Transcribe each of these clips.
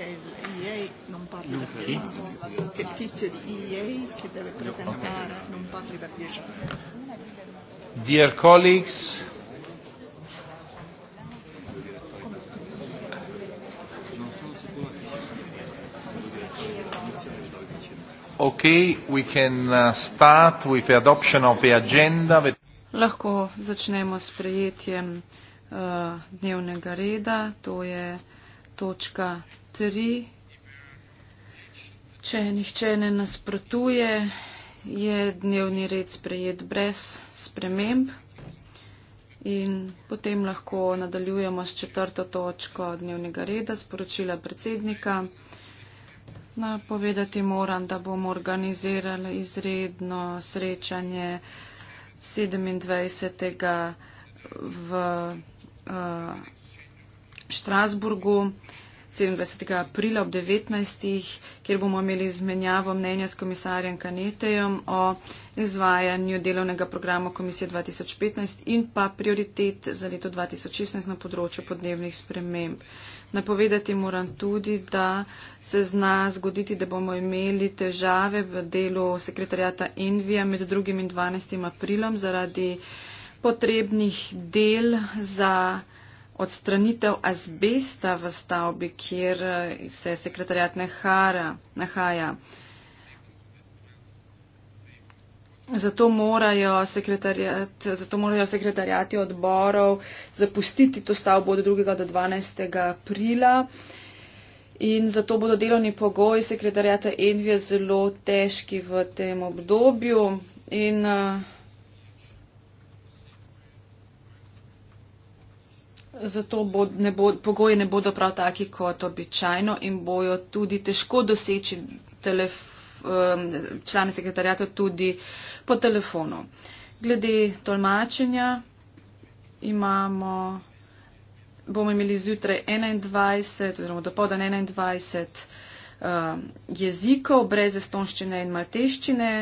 che l'EA non parli per 10 anni, che il tizio di EA che deve presentare non parli per 10 anni. Dear colleagues, okay, we can uh, start with the adoption of the agenda. Lahko začnemo s prejetjem uh, dnevnega reda, to je točka tri. Če nihče ne nasprotuje, je dnevni red sprejet brez sprememb in potem lahko nadaljujemo s četrto točko dnevnega reda, sporočila predsednika. Na, povedati moram, da bomo organizirali izredno srečanje 27. v uh, Štrasburgu. Uh, 27. aprila ob 19. kjer bomo imeli izmenjavo mnenja s komisarjem Kanetejem o izvajanju delovnega programa Komisije 2015 in pa prioritet za leto 2016 na področju podnebnih sprememb. Napovedati moram tudi, da se zna zgoditi, da bomo imeli težave v delu sekretarjata Envija med 2. in 12. aprilom zaradi potrebnih del za odstranitev azbesta v stavbi, kjer eh, se sekretarjat nahara, nahaja. Zato morajo, zato morajo sekretarjati odborov zapustiti to stavbo od 2. do 12. aprila in zato bodo delovni pogoji sekretarjata Envija zelo težki v tem obdobju. In, uh, zato bo, ne bo, pogoji ne bodo prav taki kot običajno in bojo tudi težko doseči telef, člane sekretarjata tudi po telefonu. Glede tolmačenja imamo, bomo imeli zjutraj 21, oziroma do podan 21 jezikov brez estonščine in malteščine,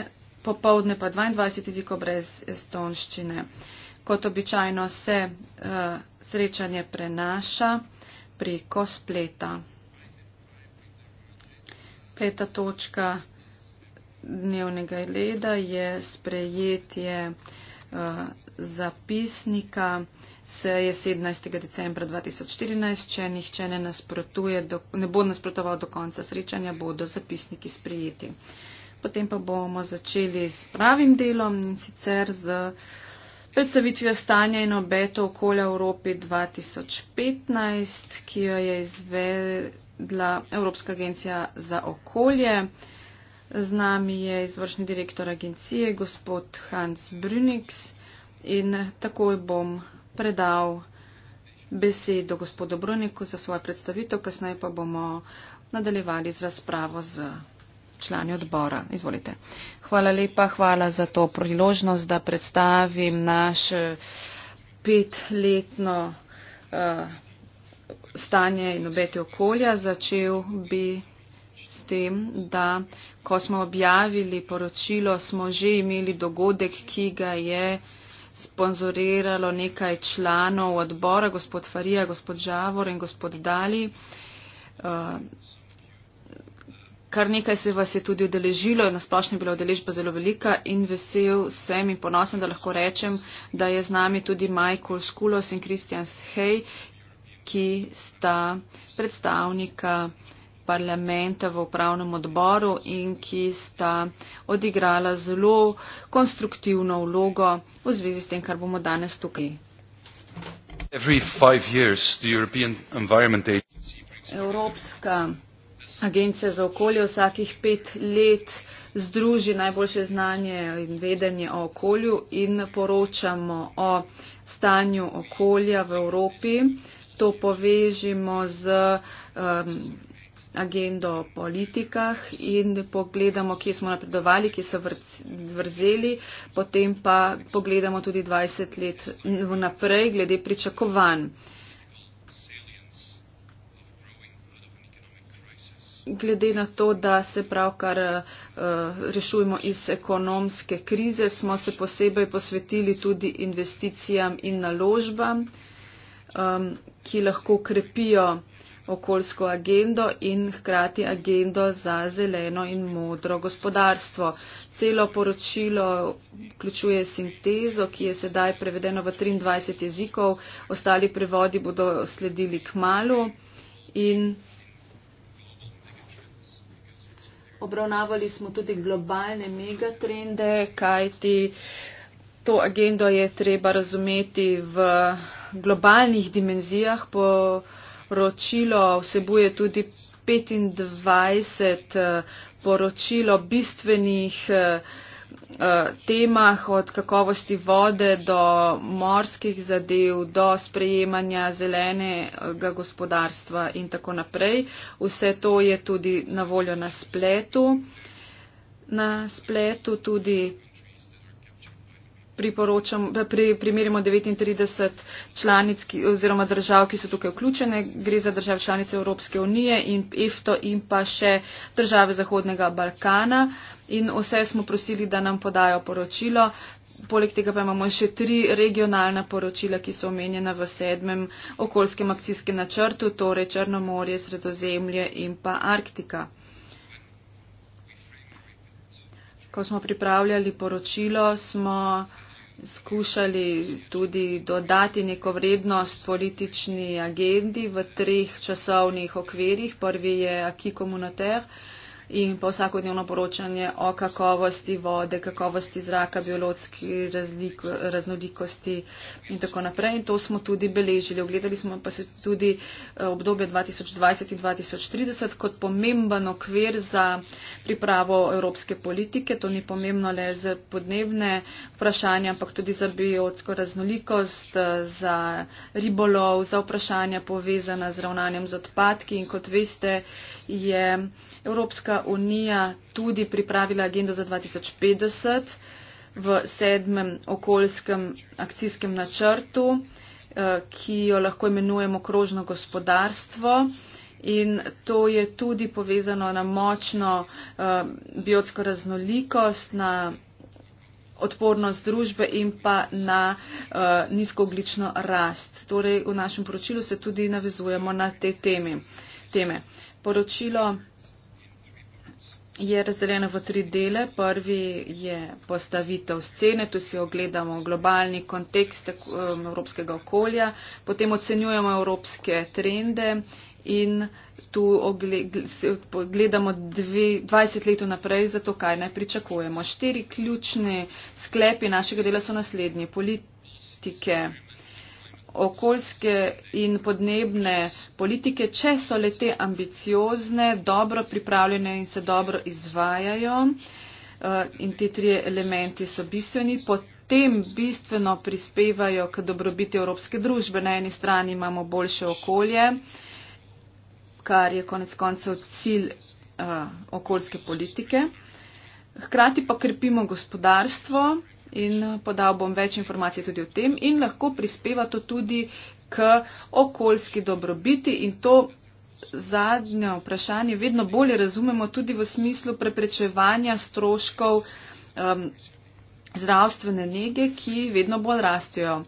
popovdne pa 22 jezikov brez estonščine. Kot običajno se uh, srečanje prenaša preko spleta. Peta točka dnevnega leda je sprejetje uh, zapisnika seje 17. decembra 2014. Če nihče ne, nasprotuje do, ne bo nasprotoval do konca srečanja, bodo zapisniki sprejeti. Potem pa bomo začeli s pravim delom in sicer z. Uh, predstavitvijo stanja in obeto okolja v Evropi 2015, ki jo je izvedla Evropska agencija za okolje. Z nami je izvršni direktor agencije, gospod Hans Brüniks. In takoj bom predal besedo gospodu Bruniku za svojo predstavitev, kasneje pa bomo nadaljevali z razpravo z člani odbora. Izvolite. Hvala lepa, hvala za to priložnost, da predstavim naš eh, petletno uh, stanje in obete okolja. Začel bi s tem, da ko smo objavili poročilo, smo že imeli dogodek, ki ga je sponzoriralo nekaj članov odbora, gospod Farija, gospod Žavor in gospod Dali. Uh, Kar nekaj se vas je tudi odeležilo, nasplošno je bila odeležba zelo velika in vesel sem in ponosen, da lahko rečem, da je z nami tudi Michael Skulos in Christian Hey, ki sta predstavnika parlamenta v upravnem odboru in ki sta odigrala zelo konstruktivno vlogo v zvezi s tem, kar bomo danes tukaj. Evropska Agencija za okolje vsakih pet let združi najboljše znanje in vedenje o okolju in poročamo o stanju okolja v Evropi. To povežimo z um, agendo o politikah in pogledamo, kje smo napredovali, kje so vrzeli, potem pa pogledamo tudi 20 let vnaprej glede pričakovanj. glede na to, da se pravkar eh, rešujemo iz ekonomske krize, smo se posebej posvetili tudi investicijam in naložbam, ehm, ki lahko krepijo okoljsko agendo in hkrati agendo za zeleno in modro gospodarstvo. Celo poročilo vključuje sintezo, ki je sedaj prevedeno v 23 jezikov, ostali prevodi bodo sledili k malu in Obravnavali smo tudi globalne megatrende, kajti to agendo je treba razumeti v globalnih dimenzijah. Poročilo vsebuje tudi 25 eh, poročilo bistvenih. Eh, Eh, temah od kakovosti vode do morskih zadev, do sprejemanja zelenega gospodarstva in tako naprej. Vse to je tudi na voljo na spletu. Na spletu tudi pri, primerjamo 39 članic ki, oziroma držav, ki so tukaj vključene. Gre za države članice Evropske unije in EFTO in pa še države Zahodnega Balkana. In vse smo prosili, da nam podajo poročilo. Poleg tega pa imamo še tri regionalna poročila, ki so omenjena v sedmem okoljskem akcijskem načrtu, torej Črnomorje, Sredozemlje in pa Arktika. Ko smo pripravljali poročilo, smo skušali tudi dodati neko vrednost politični agendi v treh časovnih okvirjih. Prvi je Aki Komunoter, in pa vsakodnevno poročanje o kakovosti vode, kakovosti zraka, biologski razlik, raznolikosti in tako naprej. In to smo tudi beležili. Ogledali smo pa se tudi eh, obdobje 2020 in 2030 kot pomemben okvir za pripravo evropske politike. To ni pomembno le za podnebne vprašanja, ampak tudi za biotsko raznolikost, eh, za ribolov, za vprašanja povezana z ravnanjem z odpadki. In kot veste, je Evropska unija tudi pripravila agendo za 2050 v sedmem okoljskem akcijskem načrtu, eh, ki jo lahko imenujemo krožno gospodarstvo. In to je tudi povezano na močno uh, biotsko raznolikost, na odpornost družbe in pa na uh, eh, nizkooglično rast. Torej, v našem poročilu se tudi navezujemo na te teme. teme. Poročilo je razdeljena v tri dele. Prvi je postavitev scene, tu si ogledamo globalni kontekst um, evropskega okolja, potem ocenjujemo evropske trende in tu gledamo 20 let naprej za to, kaj naj pričakujemo. Štiri ključne sklepi našega dela so naslednje. Politike okoljske in podnebne politike, če so le te ambiciozne, dobro pripravljene in se dobro izvajajo. Eh, in ti tri elementi so bistveni. Potem bistveno prispevajo k dobrobiti evropske družbe. Na eni strani imamo boljše okolje, kar je konec koncev cilj eh, okoljske politike. Hkrati pa krepimo gospodarstvo, in eh, podal bom več informacij tudi o tem in lahko prispeva to tudi k okoljski dobrobiti in to zadnje vprašanje vedno bolje razumemo tudi v smislu preprečevanja stroškov um, zdravstvene nege, ki vedno bolj rastejo.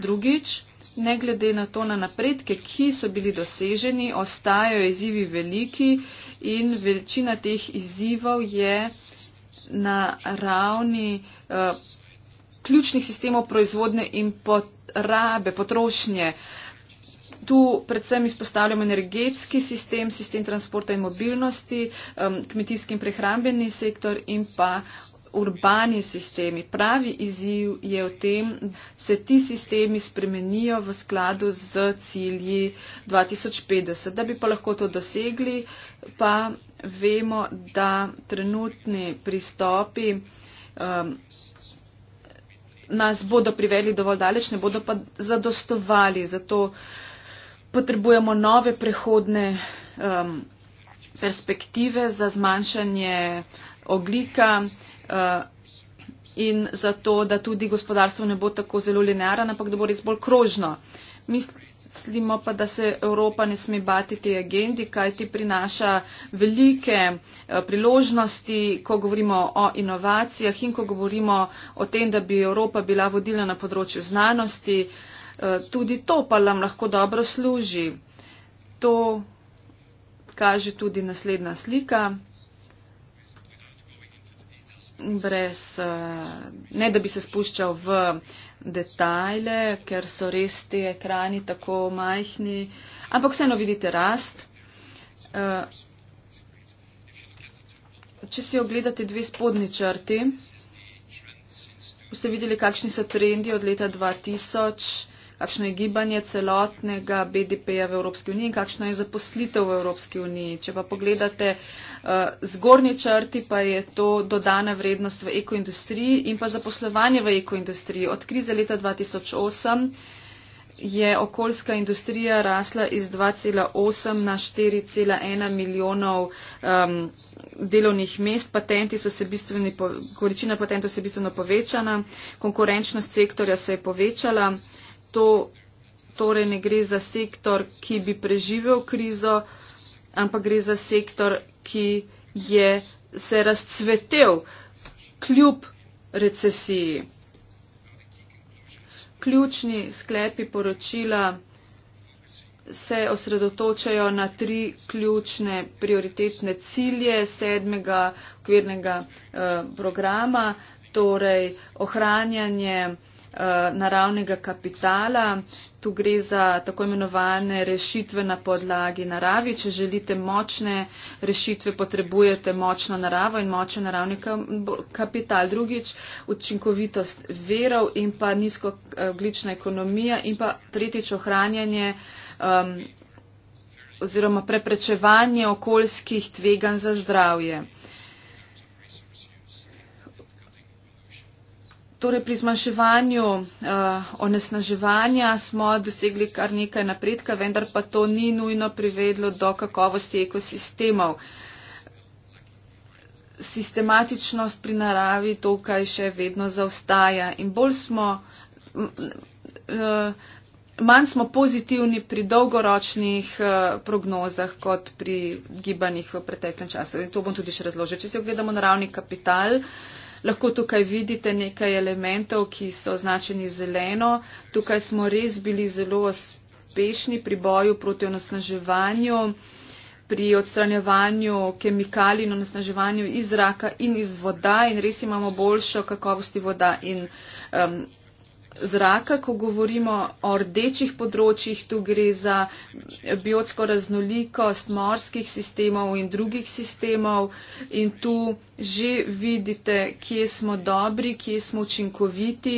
Drugič, ne glede na to na napredke, ki so bili doseženi, ostajajo izzivi veliki in večina teh izzivov je na ravni uh, ključnih sistemov proizvodne in potrabe, potrošnje. Tu predvsem izpostavljamo energetski sistem, sistem transporta in mobilnosti, um, kmetijski in prehrambeni sektor in pa urbani sistemi. Pravi izziv je v tem, da se ti sistemi spremenijo v skladu z cilji 2050. Da bi pa lahko to dosegli, pa vemo, da trenutni pristopi um, nas bodo priveli dovolj daleč, ne bodo pa zadostovali. Zato potrebujemo nove prehodne um, perspektive za zmanjšanje oglika uh, in za to, da tudi gospodarstvo ne bo tako zelo linearno, ampak da bo res bolj krožno. Mislim, mislimo pa, da se Evropa ne sme bati te agendi, kaj ti prinaša velike eh, priložnosti, ko govorimo o inovacijah in ko govorimo o tem, da bi Evropa bila vodilna na področju znanosti. Eh, tudi to pa nam lahko dobro služi. To kaže tudi naslednja slika brez, eh, ne da bi se spuščal v detajle, ker so res ti ekrani tako majhni, ampak vseeno vidite rast. Eh, če si ogledate dve spodnji črti, boste videli, kakšni so trendi od leta 2000 kakšno je gibanje celotnega BDP-ja v Evropski uniji in kakšno je zaposlitev v Evropski uniji. Če pa pogledate eh, zgornji črti, pa je to dodana vrednost v ekoindustriji in pa zaposlovanje v ekoindustriji. Od krize leta 2008 je okoljska industrija rasla iz 2,8 na 4,1 milijonov um, delovnih mest, patenti so se bistveno, količina patentov se je bistveno povečala, konkurenčnost sektorja se je povečala to torej ne gre za sektor, ki bi preživel krizo, ampak gre za sektor, ki je se razcvetel kljub recesiji. Ključni sklepi poročila se osredotočajo na tri ključne prioritetne cilje sedmega okvirnega eh, programa, torej ohranjanje eh, Eh, naravnega kapitala. Tu gre za tako imenovane rešitve na podlagi naravi. Če želite močne rešitve, potrebujete močno naravo in močen naravni kapital. Drugič, učinkovitost verov in pa nizkoglična ekonomija in pa tretjič, ohranjanje. Um, oziroma preprečevanje okoljskih tvegan za zdravje. Uh, Torej, pri zmanjševanju uh, onesnaževanja smo dosegli kar nekaj napredka, vendar pa to ni nujno privedlo do kakovosti ekosistemov. Sistematičnost pri naravi tukaj še vedno zaostaja in bolj smo. Uh, Manj smo pozitivni pri dolgoročnih eh, prognozah kot pri gibanjih v preteklem času. In to bom tudi še razložil. Če si ogledamo naravni kapital, uh, Lahko tukaj vidite nekaj elementov, ki so označeni zeleno. Tukaj smo res bili zelo uspešni pri boju proti onosnaževanju, pri odstranjevanju kemikalij in onosnaževanju iz zraka in iz voda in res imamo boljšo kakovosti voda in um, zraka, ko govorimo o rdečih področjih, tu gre za biotsko raznolikost morskih sistemov in drugih sistemov in tu že vidite, kje smo dobri, kje smo učinkoviti,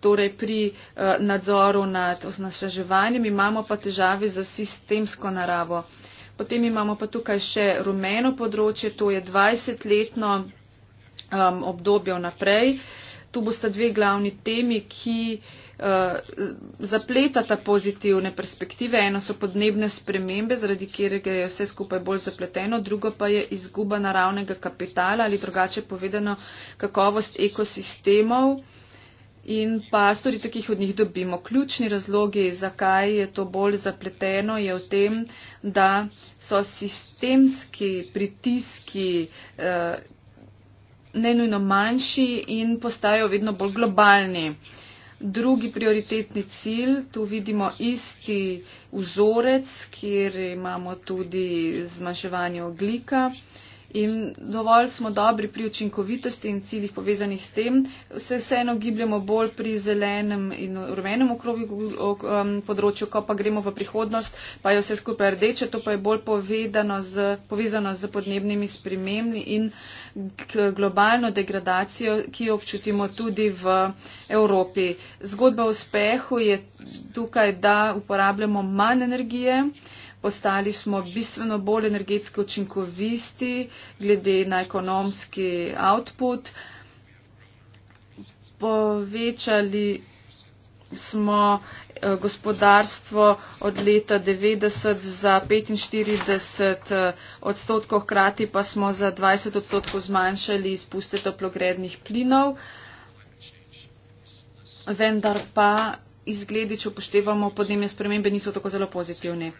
torej pri eh, nadzoru nad osnaževanjem imamo pa težave za sistemsko naravo. Potem imamo pa tukaj še rumeno področje, to je 20-letno um, obdobje naprej. Uh, tu bosta dve glavni temi, ki uh, zapletata pozitivne perspektive. Eno so podnebne spremembe, zaradi katerega je vse skupaj bolj zapleteno, drugo pa je izguba naravnega kapitala ali drugače povedano kakovost ekosistemov in pa storitev, ki jih od njih dobimo. Ključni razlogi, zakaj je to bolj zapleteno, je v tem, da so sistemski pritiski. Uh, nenujno manjši in postajajo vedno bolj globalni. Drugi prioritetni cilj, tu vidimo isti vzorec, kjer imamo tudi zmanjševanje oglika. Uh, in dovolj smo dobri pri učinkovitosti in ciljih povezanih s tem, se vseeno gibljamo bolj pri zelenem in rumenem okrogu um, področju, ko pa gremo v prihodnost, pa je vse skupaj rdeče, to pa je bolj z, povezano z podnebnimi spremembami in globalno degradacijo, ki jo občutimo tudi v Evropi. Zgodba o uspehu je tukaj, da uporabljamo manj energije postali smo bistveno bolj energetsko učinkovisti glede na ekonomski output. Povečali smo eh, gospodarstvo od leta 90 za 45 eh, odstotkov, hkrati pa smo za 20 odstotkov zmanjšali izpuste toplogrednih plinov. Vendar pa izgledi, če upoštevamo podnebne spremembe, niso tako zelo pozitivni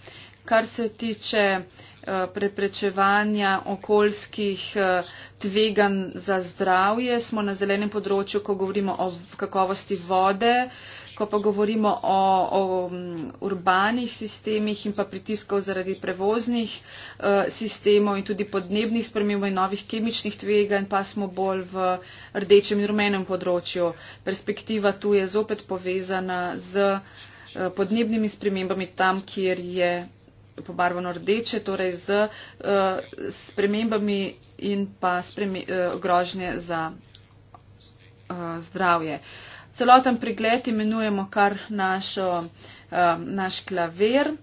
kar se tiče eh, preprečevanja okoljskih eh, tvegan za zdravje. Smo na zelenem področju, ko govorimo o kakovosti vode, ko pa govorimo o, o mm, urbanih sistemih in pa pritiskov zaradi prevoznih eh, sistemov in tudi podnebnih sprememb in novih kemičnih tvegan, pa smo bolj v rdečem in rumenem področju. Perspektiva tu je zopet povezana z podnebnimi spremembami tam, kjer je pobarvano rdeče, torej z uh, spremembami in pa spremi, uh, grožnje za uh, zdravje. Celoten pregled imenujemo kar našo, uh, naš klaver.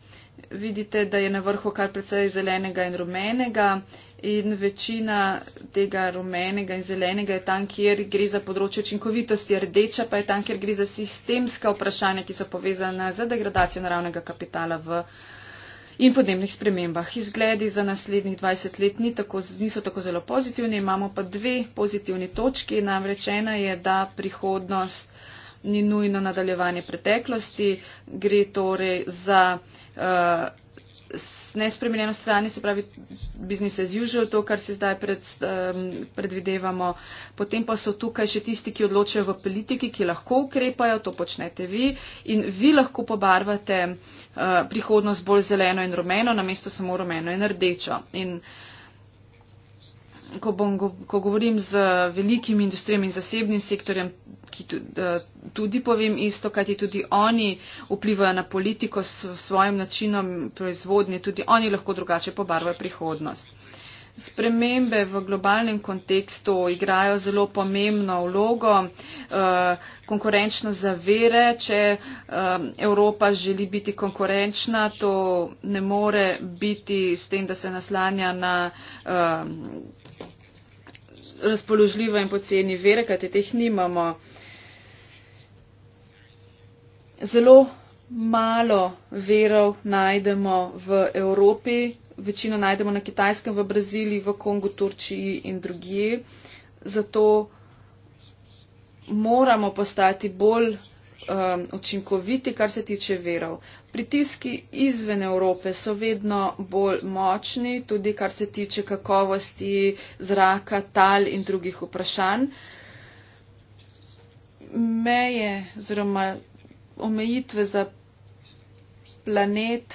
Vidite, da je na vrhu kar precej zelenega in rumenega in večina tega rumenega in zelenega je tam, kjer gre za področje učinkovitosti, rdeča pa je tam, kjer gre za sistemska vprašanja, ki so povezana z degradacijo naravnega kapitala v. Uh, in podnebnih spremembah. Izgledi za naslednjih 20 let ni tako, niso tako zelo pozitivni, imamo pa dve pozitivni točki. Namreč ena je, da prihodnost ni nujno nadaljevanje preteklosti, gre torej za. Uh, nespremenjeno strani, se pravi business as usual, to, kar si zdaj pred, um, predvidevamo. Potem pa so tukaj še tisti, ki odločajo v politiki, ki lahko ukrepajo, to počnete vi in vi lahko pobarvate uh, prihodnost bolj zeleno in rumeno, namesto samo rumeno in rdečo. In, uh, ko, bom, ko govorim z velikimi industrijami in zasebnim sektorjem, ki tudi povem isto, kajti tudi oni vplivajo na politiko s svojim načinom proizvodnje, tudi oni lahko drugače pobarvajo prihodnost. Spremembe v globalnem kontekstu igrajo zelo pomembno vlogo, eh, konkurenčno za vere, če eh, Evropa želi biti konkurenčna, to ne more biti s tem, da se naslanja na eh, razpoložljive in poceni vere, kajte teh nimamo. Zelo malo verov najdemo v Evropi, večino najdemo na Kitajskem, v Braziliji, v Kongu, Turčiji in drugje. Zato moramo postati bolj um, učinkoviti, kar se tiče verov. Pritiski izven Evrope so vedno bolj močni, tudi kar se tiče kakovosti zraka, tal in drugih vprašanj. Meje oziroma omejitve za planet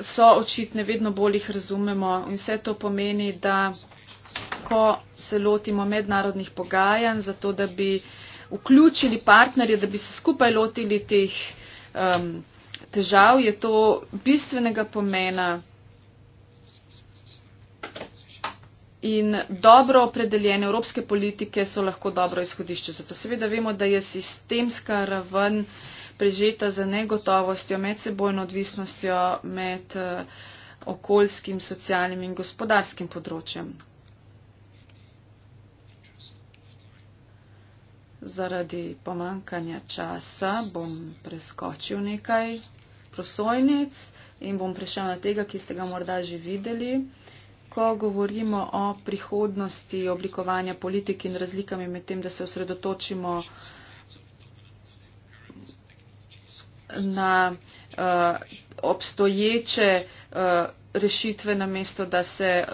so očitne, vedno bolj jih razumemo in vse to pomeni, da ko se lotimo mednarodnih pogajanj, zato da bi vključili partnerje, da bi se skupaj lotili teh um, težav, je to bistvenega pomena in dobro opredeljene evropske politike so lahko dobro izhodišče. Zato seveda vemo, da je sistemska raven prežeta za negotovostjo, med sebojno odvisnostjo, med uh, okoljskim, socialnim in gospodarskim področjem. zaradi pomankanja časa bom preskočil nekaj prosojnic in bom prišel na tega, ki ste ga morda že videli. Ko govorimo o prihodnosti oblikovanja politik in razlikami med tem, da se osredotočimo na uh, obstoječe uh, rešitve, namesto da se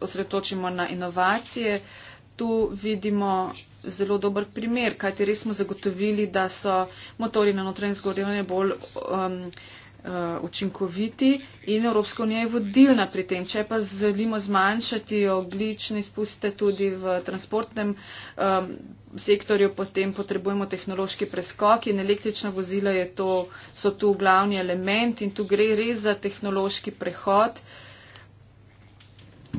osredotočimo na inovacije, tu vidimo zelo dober primer, kajti res smo zagotovili, da so motori na notranjem zgorevanju bolj um, uh, učinkoviti in Evropska unija je vodilna pri tem. Če pa želimo zmanjšati oglične izpuste tudi v transportnem um, sektorju, potem potrebujemo tehnološki preskok in električna vozila to, so tu glavni element in tu gre res za tehnološki prehod.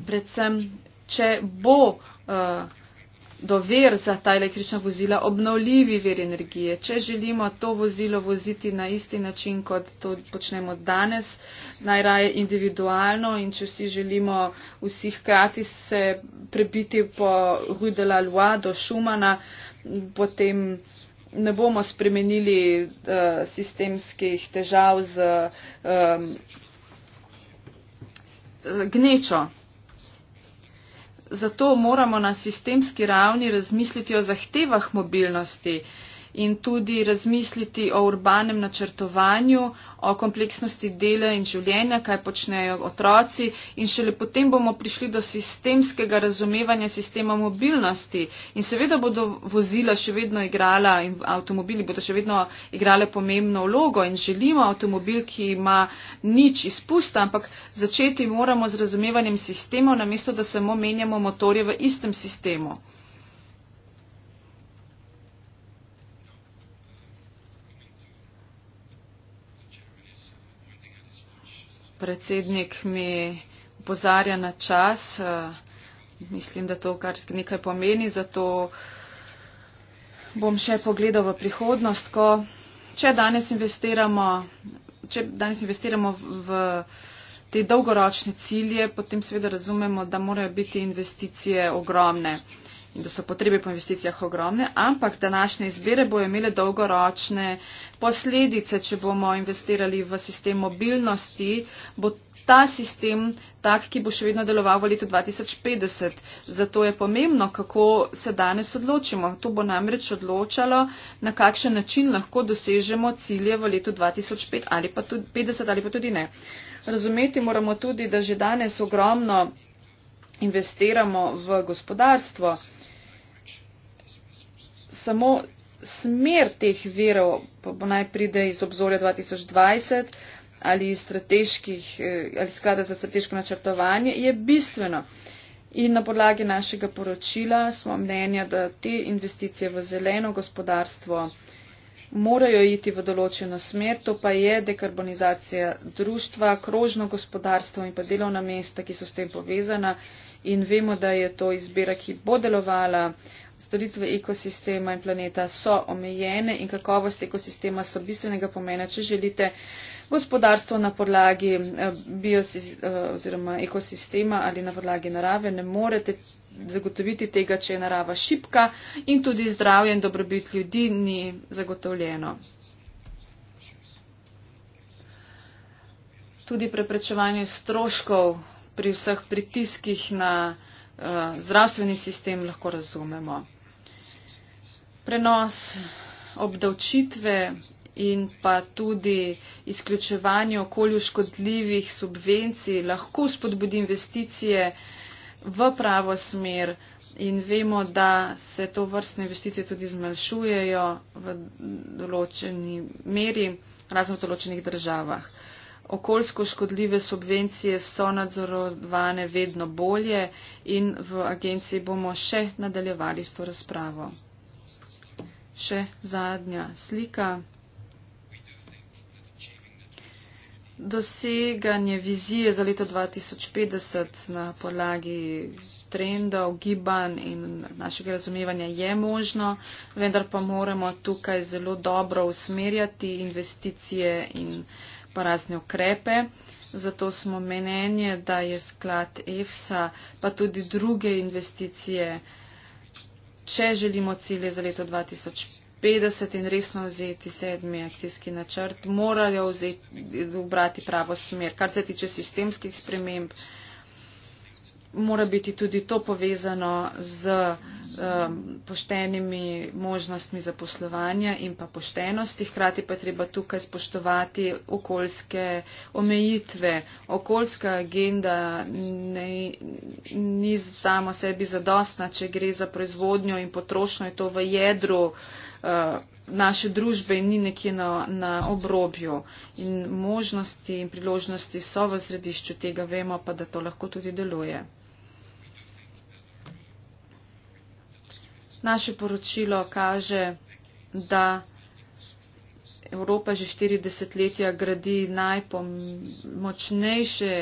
Predvsem, če bo uh, do ver za ta električna vozila obnovljivi ver energije. Če želimo to vozilo voziti na isti način, kot to počnemo danes, najraje individualno in če vsi želimo vsi hkrati se prebiti po Rue de la Loi do Šumana, potem ne bomo spremenili uh, sistemskih težav z um, gnečo. Zato moramo na sistemski ravni razmisliti o zahtevah mobilnosti, in tudi razmisliti o urbanem načrtovanju, o kompleksnosti dela in življenja, kaj počnejo otroci in šele potem bomo prišli do sistemskega razumevanja sistema mobilnosti in seveda bodo vozila še vedno igrala in avtomobili bodo še vedno igrale pomembno vlogo in želimo avtomobil, ki ima nič izpusta, ampak začeti moramo z razumevanjem sistemov, namesto da samo menjamo motorje v istem sistemu. predsednik mi upozarja na čas. Eh, mislim, da to kar nekaj pomeni, zato bom še pogledal v prihodnost, ko če danes investiramo, če danes investiramo v te dolgoročne cilje, potem seveda razumemo, da morajo biti investicije ogromne in da so potrebe po investicijah ogromne, ampak današnje izbire bo imele dolgoročne posledice, če bomo investirali v sistem mobilnosti, bo ta sistem tak, ki bo še vedno deloval v letu 2050. Zato je pomembno, kako se danes odločimo. To bo namreč odločalo, na kakšen način lahko dosežemo cilje v letu 2050 ali, ali pa tudi ne. Razumeti moramo tudi, da že danes ogromno investiramo v gospodarstvo. Samo smer teh verov pa bo naj pride iz obzorja 2020 ali iz strateških, eh, ali sklada za strateško načrtovanje, je bistveno. In na podlagi našega poročila smo mnenja, da te investicije v zeleno gospodarstvo morajo iti v določeno smer, to pa je dekarbonizacija družstva, krožno gospodarstvo in pa delovna mesta, ki so s tem povezana in vemo, da je to izbira, ki bo delovala storitve ekosistema in planeta so omejene in kakovost ekosistema so bistvenega pomena, če želite gospodarstvo na podlagi eh, eh, ekosistema ali na podlagi narave, ne morete zagotoviti tega, če je narava šipka in tudi zdravje in dobrobit ljudi ni zagotovljeno. Tudi preprečevanje stroškov pri vseh pritiskih na Eh, zdravstveni sistem lahko razumemo. Prenos obdavčitve in pa tudi izključevanje okolju škodljivih subvencij lahko spodbudi investicije v pravo smer in vemo, da se to vrstne investicije tudi zmanjšujejo v določeni meri, razen v določenih državah okoljsko škodljive subvencije so nadzorovane vedno bolje in v agenciji bomo še nadaljevali s to razpravo. Še zadnja slika. Doseganje vizije za leto 2050 na podlagi trendov, gibanj in našega razumevanja je možno, vendar pa moramo tukaj zelo dobro usmerjati investicije in investicije pa razne okrepe. Zato smo menenje, da je sklad EFSA pa tudi druge investicije, če želimo cilje za leto 2050 in resno vzeti sedmi akcijski načrt, morajo vzeti, vbrati pravo smer, kar se tiče sistemskih sprememb mora biti tudi to povezano z um, poštenimi možnostmi zaposlovanja in pa poštenosti. Hkrati pa treba tukaj spoštovati okoljske omejitve. Okoljska agenda ne, ni samo sebi zadostna, če gre za proizvodnjo in potrošnjo, je to v jedru. Uh, naše družbe ni nekje na, na obrobju in možnosti in priložnosti so v središču tega, vemo pa, da to lahko tudi deluje. Naše poročilo kaže, da Evropa že 40 letja gradi najmočnejše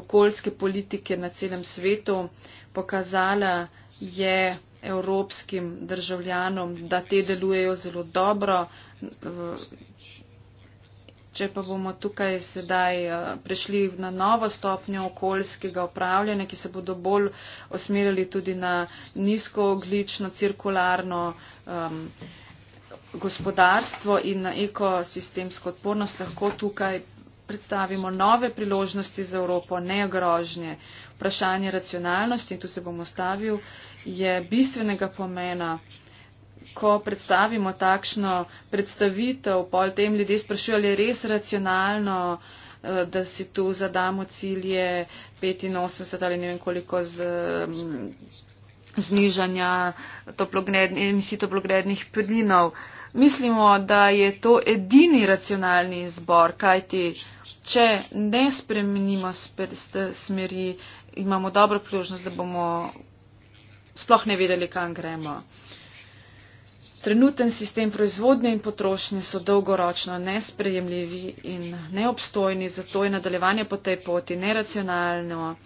okoljske politike na celem svetu. Pokazala je evropskim državljanom, da te delujejo zelo dobro. Če pa bomo tukaj sedaj eh, prešli na novo stopnjo okoljskega upravljanja, ki se bodo bolj osmerili tudi na nizkooglično, cirkularno um, gospodarstvo in na ekosistemsko odpornost, lahko tukaj predstavimo nove priložnosti za Evropo, ne grožnje. Vprašanje racionalnosti, in tu se bom ostavil, je bistvenega pomena ko predstavimo takšno predstavitev, pol tem ljudje sprašujejo, ali je res racionalno, eh, da si tu zadamo cilje 85 ali ne vem koliko z, mm, znižanja emisij toplogrednih plinov. Mislimo, da je to edini racionalni izbor, kajti če ne spremenimo smeri, imamo dobro priložnost, da bomo sploh ne vedeli, kam gremo. Trenuten sistem proizvodnje in potrošnje so dolgoročno nesprejemljivi in neobstojni, zato je nadaljevanje po tej poti neracionalno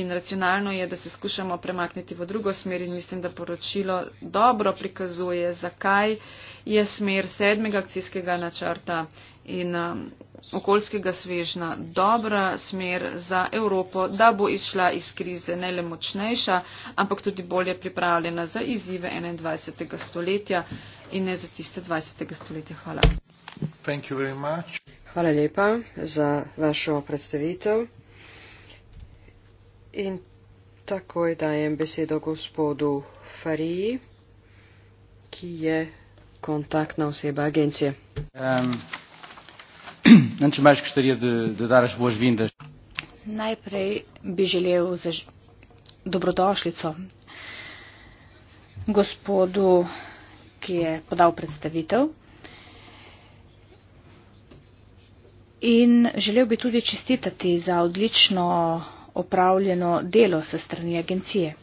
in racionalno je, da se skušamo premakniti v drugo smer in mislim, da poročilo dobro prikazuje, zakaj je smer sedmega akcijskega načrta in um, okoljskega svežna dobra smer za Evropo, da bo izšla iz krize ne le močnejša, ampak tudi bolje pripravljena za izzive 21. stoletja in ne za tiste 20. stoletja. Hvala. Hvala lepa za vašo predstavitev. In takoj dajem besedo gospodu Fariji, ki je kontaktna oseba agencije. Um. Antes de mais, gostaria de, de dar as boas-vindas. Najprej bi želel zaž... dobrodošlico gospodu, ki je podal predstavitev. In želel bi tudi čestitati za odlično opravljeno delo se strani agencije.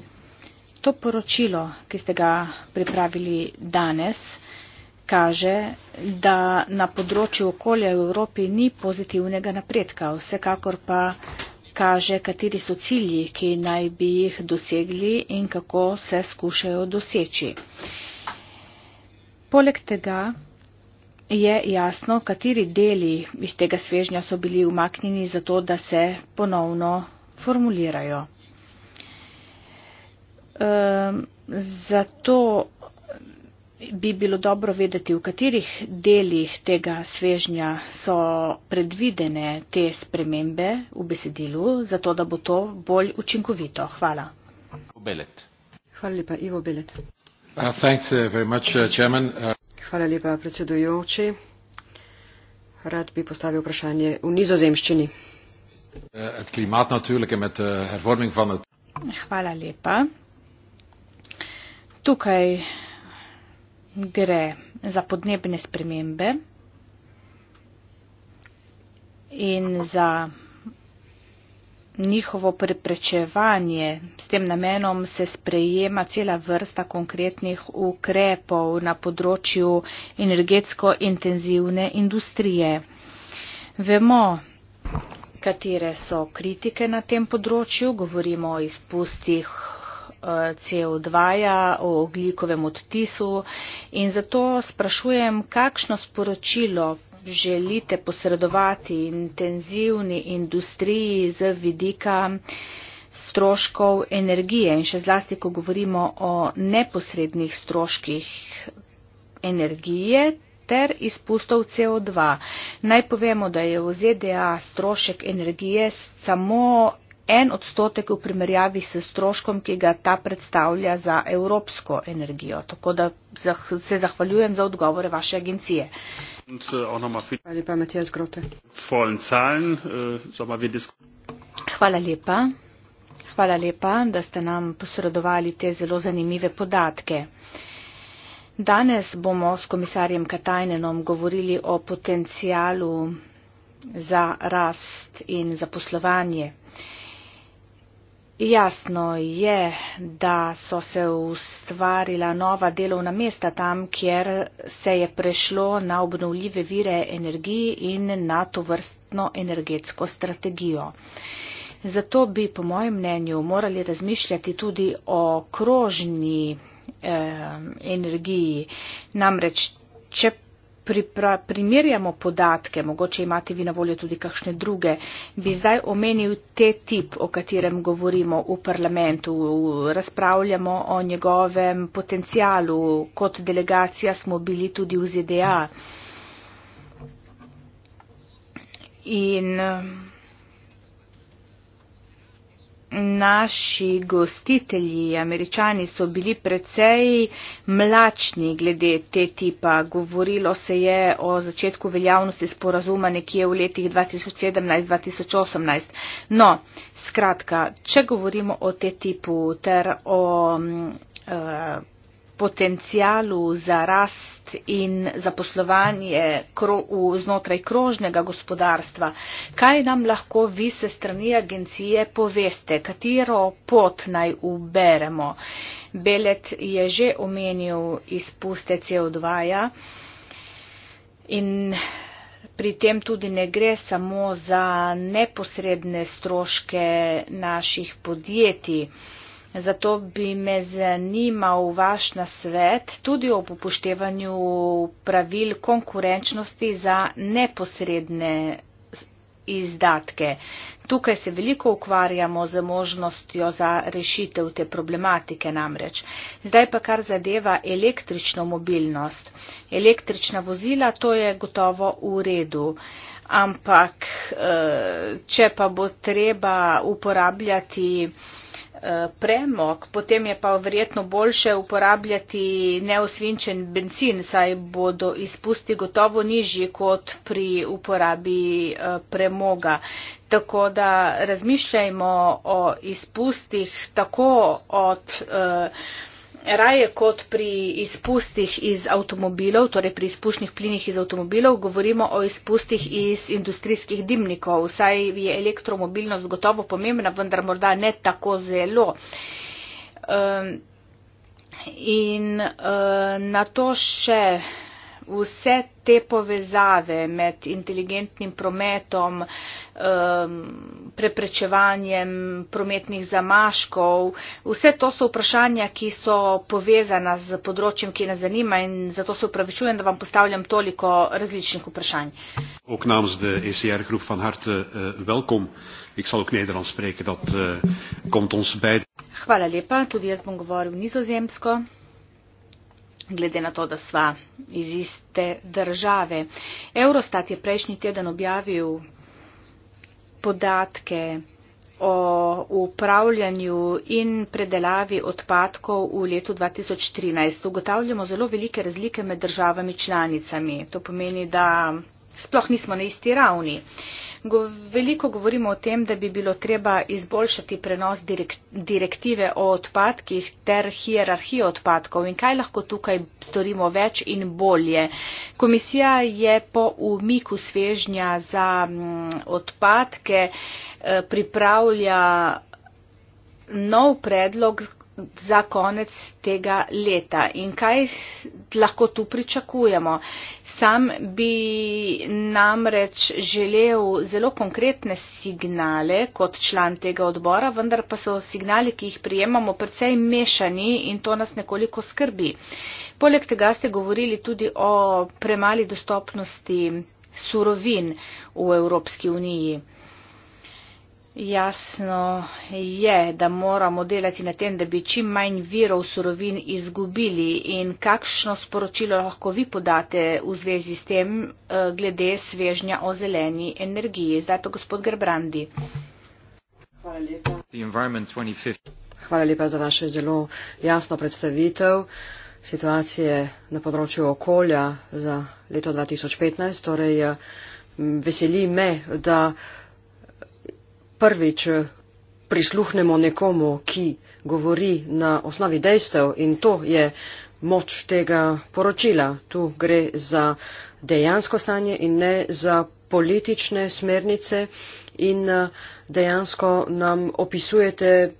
To poročilo, ki ste ga pripravili danes, kaže, da na področju okolja v Evropi ni pozitivnega napredka. Vsekakor pa kaže, kateri so cilji, ki naj bi jih dosegli in kako se skušajo doseči. Poleg tega je jasno, kateri deli iz tega svežnja so bili umaknjeni zato, da se ponovno formulirajo. Ehm, zato bi bilo dobro vedeti, v katerih delih tega svežnja so predvidene te spremembe v besedilu, zato da bo to bolj učinkovito. Hvala. Belet. Hvala lepa, Ivo Belet. Uh, uh much, uh, uh, Hvala lepa, predsedujoči. Rad bi postavil vprašanje v nizozemščini. Uh, Hvala lepa. Tukaj gre za podnebne spremembe in za njihovo preprečevanje. S tem namenom se sprejema cela vrsta konkretnih ukrepov na področju energetsko intenzivne industrije. Vemo, katere so kritike na tem področju, govorimo o izpustih CO2, -ja, o oglikovem odtisu in zato sprašujem, kakšno sporočilo želite posredovati intenzivni industriji z vidika stroškov energije in še zlasti, ko govorimo o neposrednih stroških energije ter izpustov CO2. Naj povemo, da je v ZDA strošek energije samo en odstotek v primerjavi s stroškom, ki ga ta predstavlja za evropsko energijo. Tako da se zahvaljujem za odgovore vaše agencije. Äh, Hvala lepa, Matijas Grote. Äh, Hvala lepa. Hvala lepa, da ste nam posredovali te zelo zanimive podatke. Danes bomo s komisarjem Katajnenom govorili o potencijalu za rast in zaposlovanje. Jasno je, da so se ustvarila nova delovna mesta tam, kjer se je prešlo na obnovljive vire energiji in na to vrstno energetsko strategijo. Zato bi, po mojem mnenju, morali razmišljati tudi o krožni eh, energiji. Namreč, če pripra, primerjamo podatke, mogoče imate vi na voljo tudi kakšne druge, bi zdaj omenil te tip, o katerem govorimo v parlamentu, razpravljamo o njegovem potencijalu, kot delegacija smo bili tudi v ZDA. In naši gostitelji, američani, so bili precej mlačni glede te tipa. Govorilo se je o začetku veljavnosti sporazuma nekje v letih 2017-2018. No, skratka, če govorimo o te tipu ter o. Uh, potencialu za rast in zaposlovanje kro, v, znotraj krožnega gospodarstva. Kaj nam lahko vi se strani agencije poveste, katero pot naj uberemo? Belet je že omenil izpuste CO2 -ja in pri tem tudi ne gre samo za neposredne stroške naših podjetij. Zato bi me zanimal vaš nasvet tudi ob upoštevanju pravil konkurenčnosti za neposredne izdatke. Tukaj se veliko ukvarjamo z možnostjo za rešitev te problematike namreč. Zdaj pa kar zadeva električno mobilnost. Električna vozila to je gotovo v redu, ampak eh, če pa bo treba uporabljati Eh, premog, potem je pa verjetno boljše uporabljati neosvinčen benzin, saj bodo izpusti gotovo nižji kot pri uporabi eh, premoga. Tako da razmišljajmo o izpustih tako od. Uh, raje kot pri izpustih iz avtomobilov, torej pri izpušnih plinih iz avtomobilov, govorimo o izpustih iz industrijskih dimnikov. Vsaj je elektromobilnost gotovo pomembna, vendar morda ne tako zelo. Um, in uh, ehm, na to še vse te povezave med inteligentnim prometom, um, preprečevanjem prometnih zamaškov, vse to so vprašanja, ki so povezana z področjem, ki nas zanima in zato se upravičujem, da vam postavljam toliko različnih vprašanj. Ook namens de ECR-groep van harte uh, welkom. Ik zal ook Nederlands spreken, dat uh, komt ons bij. Hvala lepa, tudi jaz bom govoril nizozemsko glede na to, da sva iz iste države. Eurostat je prejšnji teden objavil podatke o upravljanju in predelavi odpadkov v letu 2013. Ugotavljamo zelo velike razlike med državami članicami. To pomeni, da sploh nismo na isti ravni. Uh, Veliko govorimo o tem, da bi bilo treba izboljšati prenos direktive o odpadkih ter hierarhijo odpadkov in kaj lahko tukaj storimo več in bolje. Komisija je po umiku svežnja za mm, odpadke eh, pripravlja nov predlog, za konec tega leta in kaj lahko tu pričakujemo. Sam bi namreč želel zelo konkretne signale kot član tega odbora, vendar pa so signali, ki jih prijemamo, precej mešani in to nas nekoliko skrbi. Poleg tega ste govorili tudi o premali dostopnosti surovin v Evropski uniji. Jasno je, da moramo delati na tem, da bi čim manj virov surovin izgubili in kakšno sporočilo lahko vi podate v zvezi s tem eh, glede svežnja o zeleni energiji. Zdaj pa gospod Gerbrandi. Hvala lepa. Hvala lepa za vaše zelo jasno predstavitev situacije na področju okolja za leto 2015. Torej, eh, veseli me, da prvič prisluhnemo nekomu, ki govori na osnovi dejstev in to je moč tega poročila. Tu gre za dejansko stanje in ne za politične smernice in eh, dejansko nam opisujete,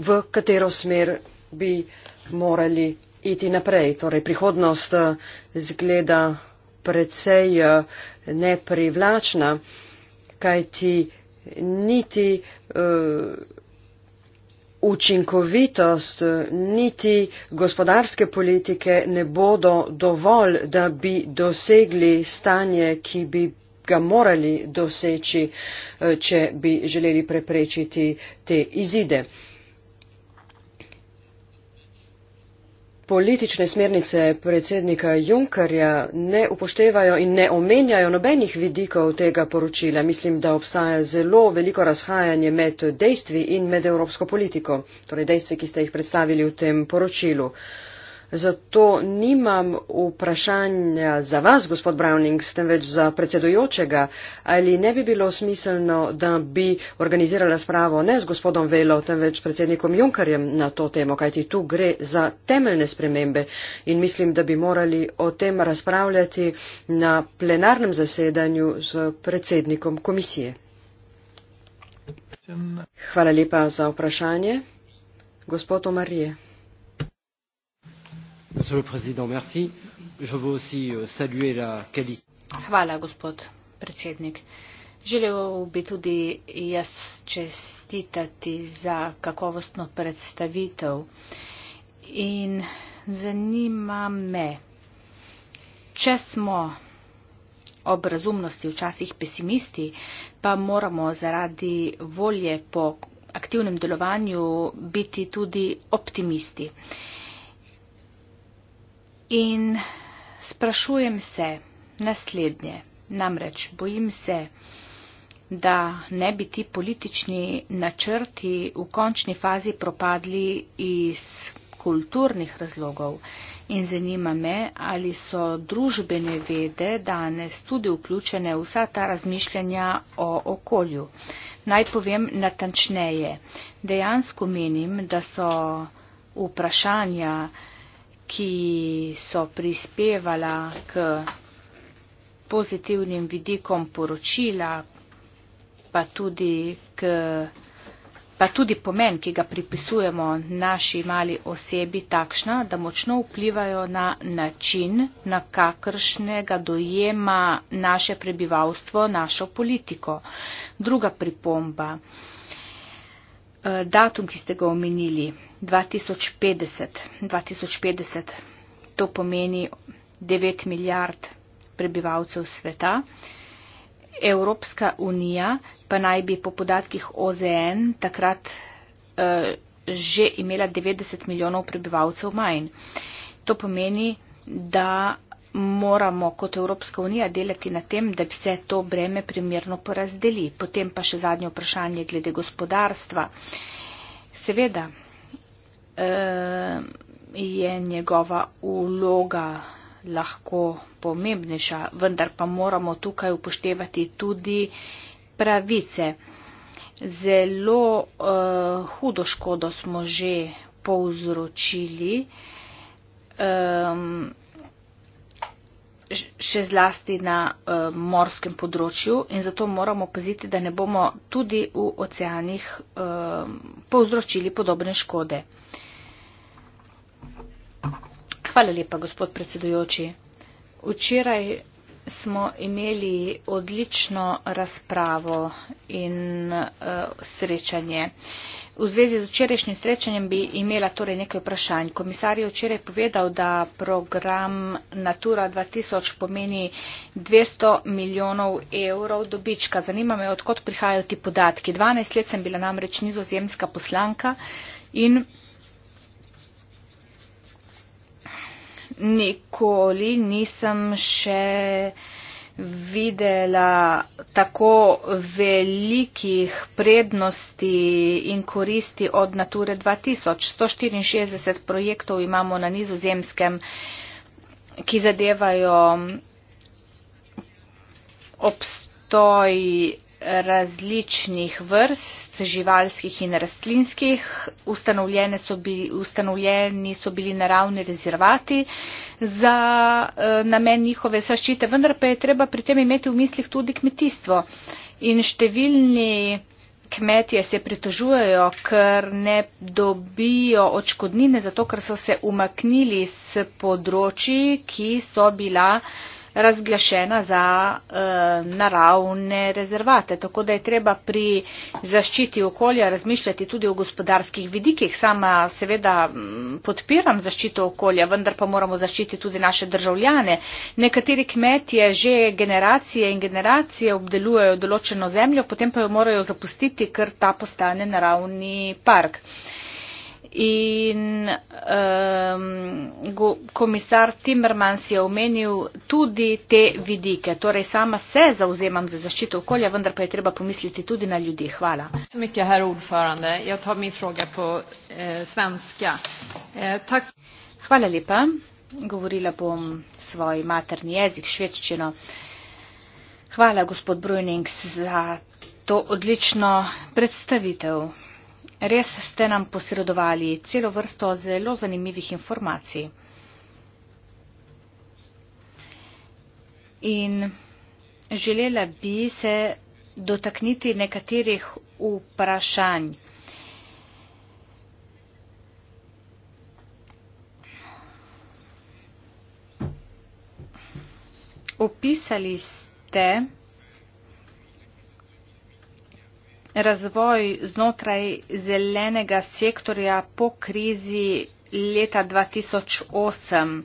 v katero smer bi morali iti naprej. Torej, prihodnost eh, zgleda predvsej eh, neprivlačna, kajti niti uh, učinkovitost, niti gospodarske politike ne bodo dovolj, da bi dosegli stanje, ki bi ga morali doseči, uh, če bi želeli preprečiti te izide. Uh, politične smernice predsednika Junkarja ne upoštevajo in ne omenjajo nobenih vidikov tega poročila. Mislim, da obstaja zelo veliko razhajanje med dejstvi in med evropsko politiko, torej dejstvi, ki ste jih predstavili v tem poročilu. Zato nimam vprašanja za vas, gospod Browning, s tem več za predsedujočega, ali ne bi bilo smiselno, da bi organizirala spravo ne z gospodom Velo, temveč s predsednikom Junkarjem na to temo, kajti tu gre za temeljne spremembe in mislim, da bi morali o tem razpravljati na plenarnem zasedanju z predsednikom komisije. Hvala lepa za vprašanje. Gospod Omarije. Monsieur le Président, merci. Je veux aussi euh, saluer la qualité. Hvala, gospod predsednik. Želel bi tudi jaz čestitati za kakovostno predstavitev. In zanima me, če smo ob razumnosti včasih pesimisti, pa moramo zaradi volje po aktivnem delovanju biti tudi optimisti. In sprašujem se naslednje, namreč bojim se, da ne bi ti politični načrti v končni fazi propadli iz kulturnih razlogov. In zanima me, ali so družbene vede danes tudi vključene vsa ta razmišljanja o okolju. Naj povem natančneje. Dejansko menim, da so vprašanja, ki so prispevala k pozitivnim vidikom poročila, pa tudi, k, pa tudi pomen, ki ga pripisujemo naši mali osebi, takšna, da močno vplivajo na način, na kakršnega dojema naše prebivalstvo, našo politiko. Druga pripomba. Eh, datum, ki ste ga omenili, 2050. 2050, to pomeni 9 milijard prebivalcev sveta. Evropska unija pa naj bi po podatkih OZN takrat uh, že imela 90 milijonov prebivalcev manj. To pomeni, da moramo kot Evropska unija delati na tem, da se to breme primerno porazdeli. Potem pa še zadnje vprašanje glede gospodarstva. Seveda eh, je njegova uloga lahko pomembnejša, vendar pa moramo tukaj upoštevati tudi pravice. Zelo uh, hudo škodo smo že povzročili. Um, še zlasti na uh, morskem področju in zato moramo paziti, da ne bomo tudi v oceanih uh, povzročili podobne škode. Hvala lepa, gospod predsedujoči. Včeraj smo imeli odlično razpravo in uh, srečanje. V zvezi z včerajšnjim srečanjem bi imela torej nekaj vprašanj. Komisar je včeraj povedal, da program Natura 2000 pomeni 200 milijonov evrov dobička. Zanima me, odkot prihajajo ti podatki. 12 let sem bila namreč nizozemska poslanka in nikoli nisem še videla tako velikih prednosti in koristi od Nature 2000. 164 projektov imamo na nizozemskem, ki zadevajo obstoj različnih vrst, živalskih in rastlinskih. Ustanovljeni so, bili, ustanovljeni so bili naravni rezervati za eh, namen njihove zaščite, vendar pa je treba pri tem imeti v mislih tudi kmetijstvo. In številni kmetje se pritožujejo, ker ne dobijo očkodnine, zato ker so se umaknili s področji, ki so bila razglašena za e, naravne rezervate. Tako da je treba pri zaščiti okolja razmišljati tudi o gospodarskih vidikih. Sama seveda mm, podpiram zaščito okolja, vendar pa moramo zaščiti tudi naše državljane. Nekateri kmetje že generacije in generacije obdelujejo določeno zemljo, potem pa jo morajo zapustiti, ker ta postane naravni park in um, go, komisar Timmermans je omenil tudi te vidike. Torej, sama se zauzemam za zaščito okolja, vendar pa je treba pomisliti tudi na ljudi. Hvala. Eh, eh, Hvala lepa. Govorila bom svoj materni jezik, švedščino. Hvala, gospod Brujnings, za to odlično predstavitev. Res ste nam posredovali celo vrsto zelo zanimivih informacij. In želela bi se dotakniti nekaterih vprašanj. Opisali ste, razvoj znotraj zelenega sektorja po krizi leta 2008.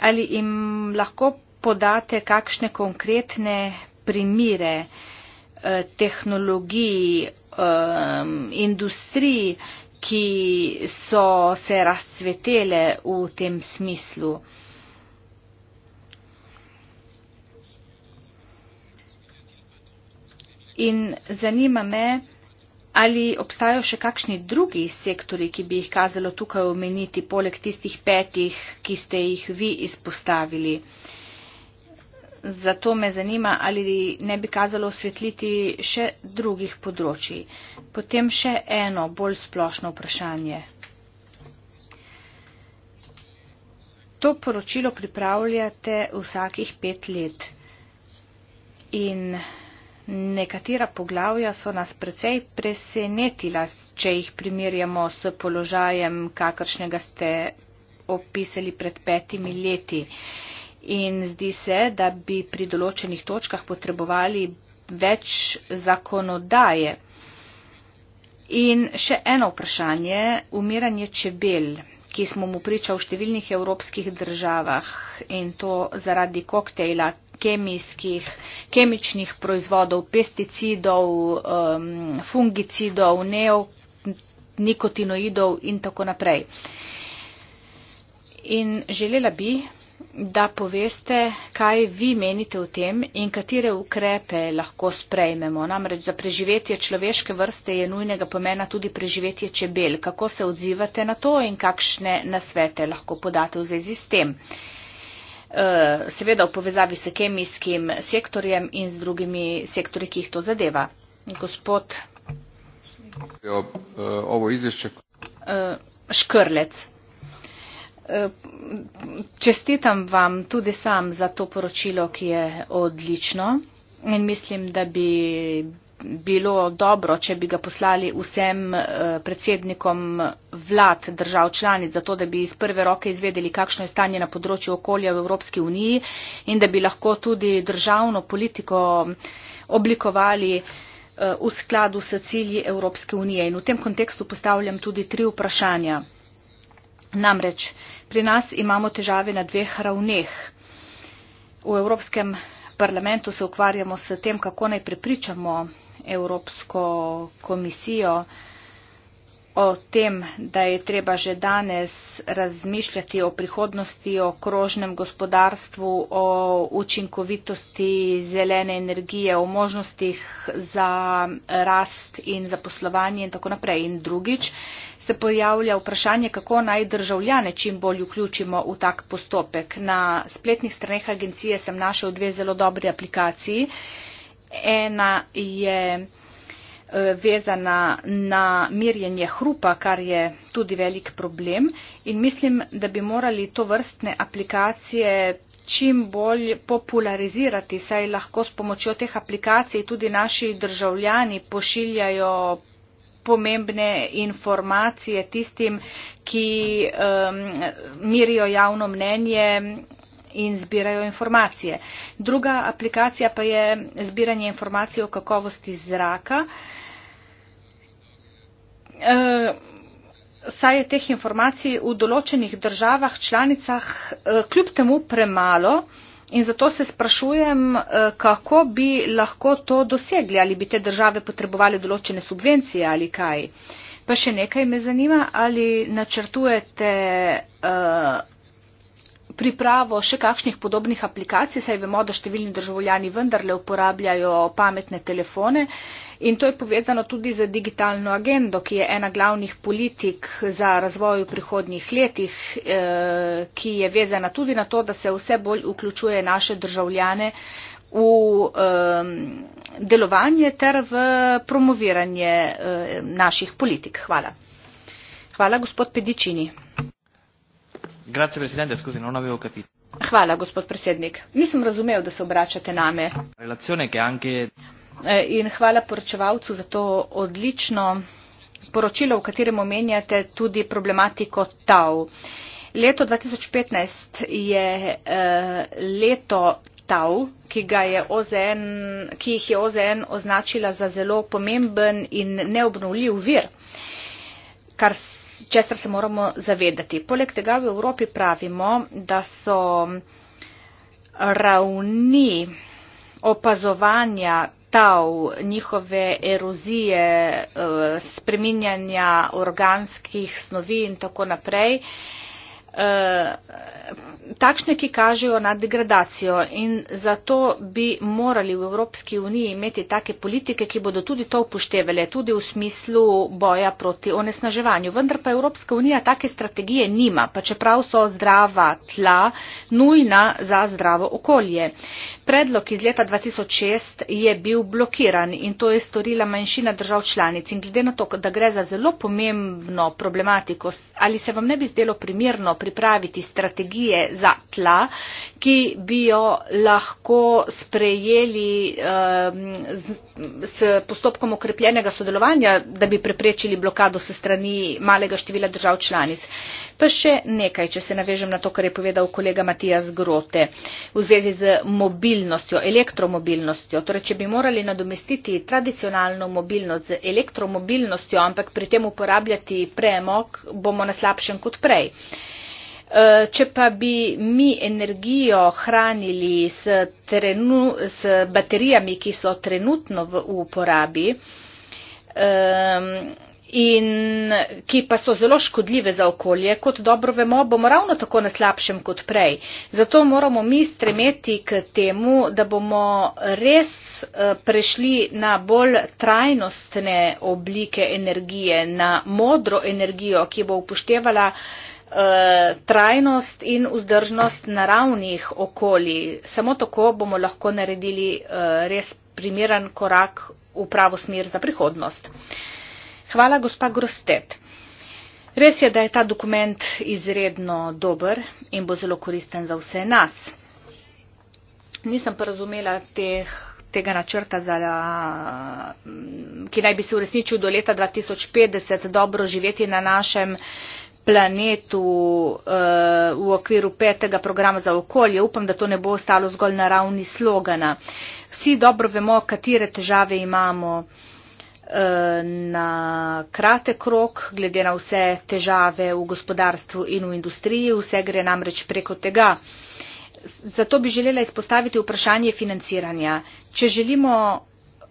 Ali jim lahko podate kakšne konkretne primire eh, tehnologij, eh, industrij, ki so se razcvetele v tem smislu? in zanima me, ali obstajajo še kakšni drugi sektori, ki bi jih kazalo tukaj omeniti, poleg tistih petih, ki ste jih vi izpostavili. Zato me zanima, ali ne bi kazalo osvetliti še drugih področji. Potem še eno bolj splošno vprašanje. To poročilo pripravljate vsakih pet let. In Nekatera poglavja so nas precej presenetila, če jih primerjamo s položajem, kakršnega ste opisali pred petimi leti. In zdi se, da bi pri določenih točkah potrebovali več zakonodaje. In še eno vprašanje, umiranje čebel, ki smo mu priča v številnih evropskih državah in to zaradi koktejla kemijskih, kemičnih proizvodov, pesticidov, um, fungicidov, neonikotinoidov in tako naprej. In želela bi, da poveste, kaj vi menite o tem in katere ukrepe lahko sprejmemo. Namreč za preživetje človeške vrste je nujnega pomena tudi preživetje čebel. Kako se odzivate na to in kakšne nasvete lahko podate v zvezi s tem? Eh, seveda v povezavi s kemijskim sektorjem in z drugimi sektori, ki jih to zadeva. Gospod. Eh, ovo izvješće. Eh, Škrlec. Čestitam vam tudi sam za to poročilo, ki je odlično in mislim, da bi bilo dobro, če bi ga poslali vsem eh, predsednikom vlad držav članic, zato da bi iz prve roke izvedeli, kakšno je stanje na področju okolja v Evropski uniji in da bi lahko tudi državno politiko oblikovali eh, v skladu s cilji Evropske unije. In v tem kontekstu postavljam tudi tri vprašanja. Namreč, pri nas imamo težave na dveh ravneh. V Evropskem parlamentu se ukvarjamo s tem, kako naj prepričamo Evropsko komisijo o tem, da je treba že danes razmišljati o prihodnosti, o krožnem gospodarstvu, o učinkovitosti zelene energije, o možnostih za rast in zaposlovanje in tako naprej. In drugič se pojavlja vprašanje, kako naj državljane čim bolj vključimo v tak postopek. Na spletnih straneh agencije sem našel dve zelo dobre aplikaciji, Ena je e, vezana na mirjenje hrupa, kar je tudi velik problem. In mislim, da bi morali to vrstne aplikacije čim bolj popularizirati, saj lahko s pomočjo teh aplikacij tudi naši državljani pošiljajo pomembne informacije tistim, ki um, mirijo javno mnenje in zbirajo informacije. Druga aplikacija pa je zbiranje informacij o kakovosti zraka. E, saj je teh informacij v določenih državah, članicah, e, kljub temu premalo. In zato se sprašujem, e, kako bi lahko to dosegli, ali bi te države potrebovali določene subvencije ali kaj. Pa še nekaj me zanima, ali načrtujete uh, pripravo še kakšnih podobnih aplikacij, saj vemo, da številni državljani vendarle uporabljajo pametne telefone in to je povezano tudi z digitalno agendo, ki je ena glavnih politik za razvoj v prihodnjih letih, eh, ki je vezana tudi na to, da se vse bolj vključuje naše državljane v ehm, delovanje ter v promoviranje eh, naših politik. Hvala. Hvala, gospod Pedičini. Grazie Presidente, scusi, non avevo capito. Hvala, gospod predsednik. Nisem razumel, da se obračate name. Relazione, ki anche... Eh, in hvala poročevalcu za to odlično poročilo, v katerem omenjate tudi problematiko TAV. Leto 2015 je eh, leto TAV, ki, OZN, ki jih je OZN označila za zelo pomemben in neobnovljiv vir, kar česar se moramo zavedati. Poleg tega v Evropi pravimo, da so ravni opazovanja tav, njihove erozije, eh, spreminjanja organskih snovi in tako naprej, Eh, takšne, ki kažejo na degradacijo in zato bi morali v Evropski uniji imeti take politike, ki bodo tudi to upoštevale, tudi v smislu boja proti onesnaževanju. Vendar pa Evropska unija take strategije nima, pa čeprav so zdrava tla nujna za zdravo okolje. Predlog iz leta 2006 je bil blokiran in to je storila manjšina držav članic. In glede na to, da gre za zelo pomembno problematiko, ali se vam ne bi zdelo primerno, pripraviti strategije za tla, ki bi jo lahko sprejeli z, z postopkom okrepljenega sodelovanja, da bi preprečili blokado se strani malega števila držav članic. Pa še nekaj, če se navežem na to, kar je povedal kolega Matijas Grote v zvezi z mobilnostjo, elektromobilnostjo. Torej, če bi morali nadomestiti tradicionalno mobilnost z elektromobilnostjo, ampak pri tem uporabljati premok, bomo na slabšem kot prej. Eh, če pa bi mi energijo hranili s, trenu, s baterijami, ki so trenutno v uporabi in ki pa so zelo škodljive za okolje, kot dobro vemo, bomo ravno tako na slabšem kot prej. Zato moramo mi stremeti k temu, da bomo res eh, prešli na bolj trajnostne oblike energije, na modro energijo, ki bo upoštevala Eh, trajnost in vzdržnost naravnih okolij. Samo tako bomo lahko naredili eh, res primeren korak v pravo smer za prihodnost. Hvala, gospa Grostet. Res je, da je ta dokument izredno dober in bo zelo koristen za vse nas. Nisem pa razumela teh, tega načrta, za, ki naj bi se uresničil do leta 2050, dobro živeti na našem planetu eh, v okviru petega programa za okolje. Upam, da to ne bo ostalo zgolj na ravni slogana. Vsi dobro vemo, katere težave imamo eh, na kratek rok, glede na vse težave v gospodarstvu in v industriji. Vse gre namreč preko tega. Zato bi želela izpostaviti vprašanje financiranja. Če želimo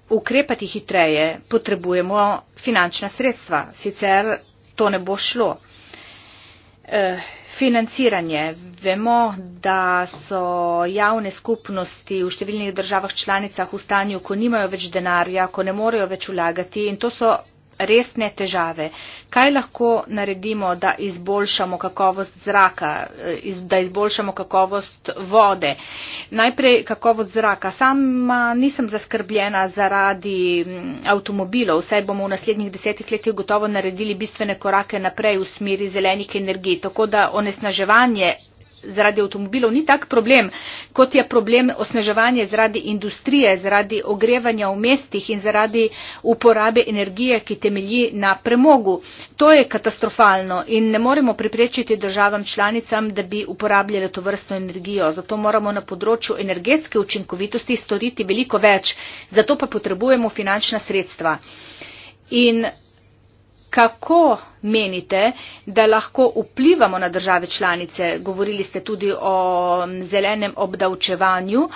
ukrepati hitreje, potrebujemo finančna sredstva, sicer to ne bo šlo. Eh, financiranje vemo da so javne skupnosti v številnih državah članicah v stanju ko nimajo več denarja ko ne morejo več vlagati in to so resne težave. Kaj lahko naredimo, da izboljšamo kakovost zraka, eh, da izboljšamo kakovost vode? Najprej kakovost zraka. Sama nisem zaskrbljena zaradi mm, avtomobilov, saj bomo v naslednjih desetih letih gotovo naredili bistvene korake naprej v smeri zelenih energij. Tako da onesnaževanje zaradi avtomobilov ni tak problem, kot je problem osneževanje zaradi industrije, zaradi ogrevanja v mestih in zaradi uporabe energije, ki temelji na premogu. To je katastrofalno in ne moremo preprečiti državam članicam, da bi uporabljali to vrstno energijo. Zato moramo na področju energetske učinkovitosti storiti veliko več. Zato pa potrebujemo finančna sredstva. In Kako menite, da lahko vplivamo na države članice? Govorili ste tudi o zelenem obdavčevanju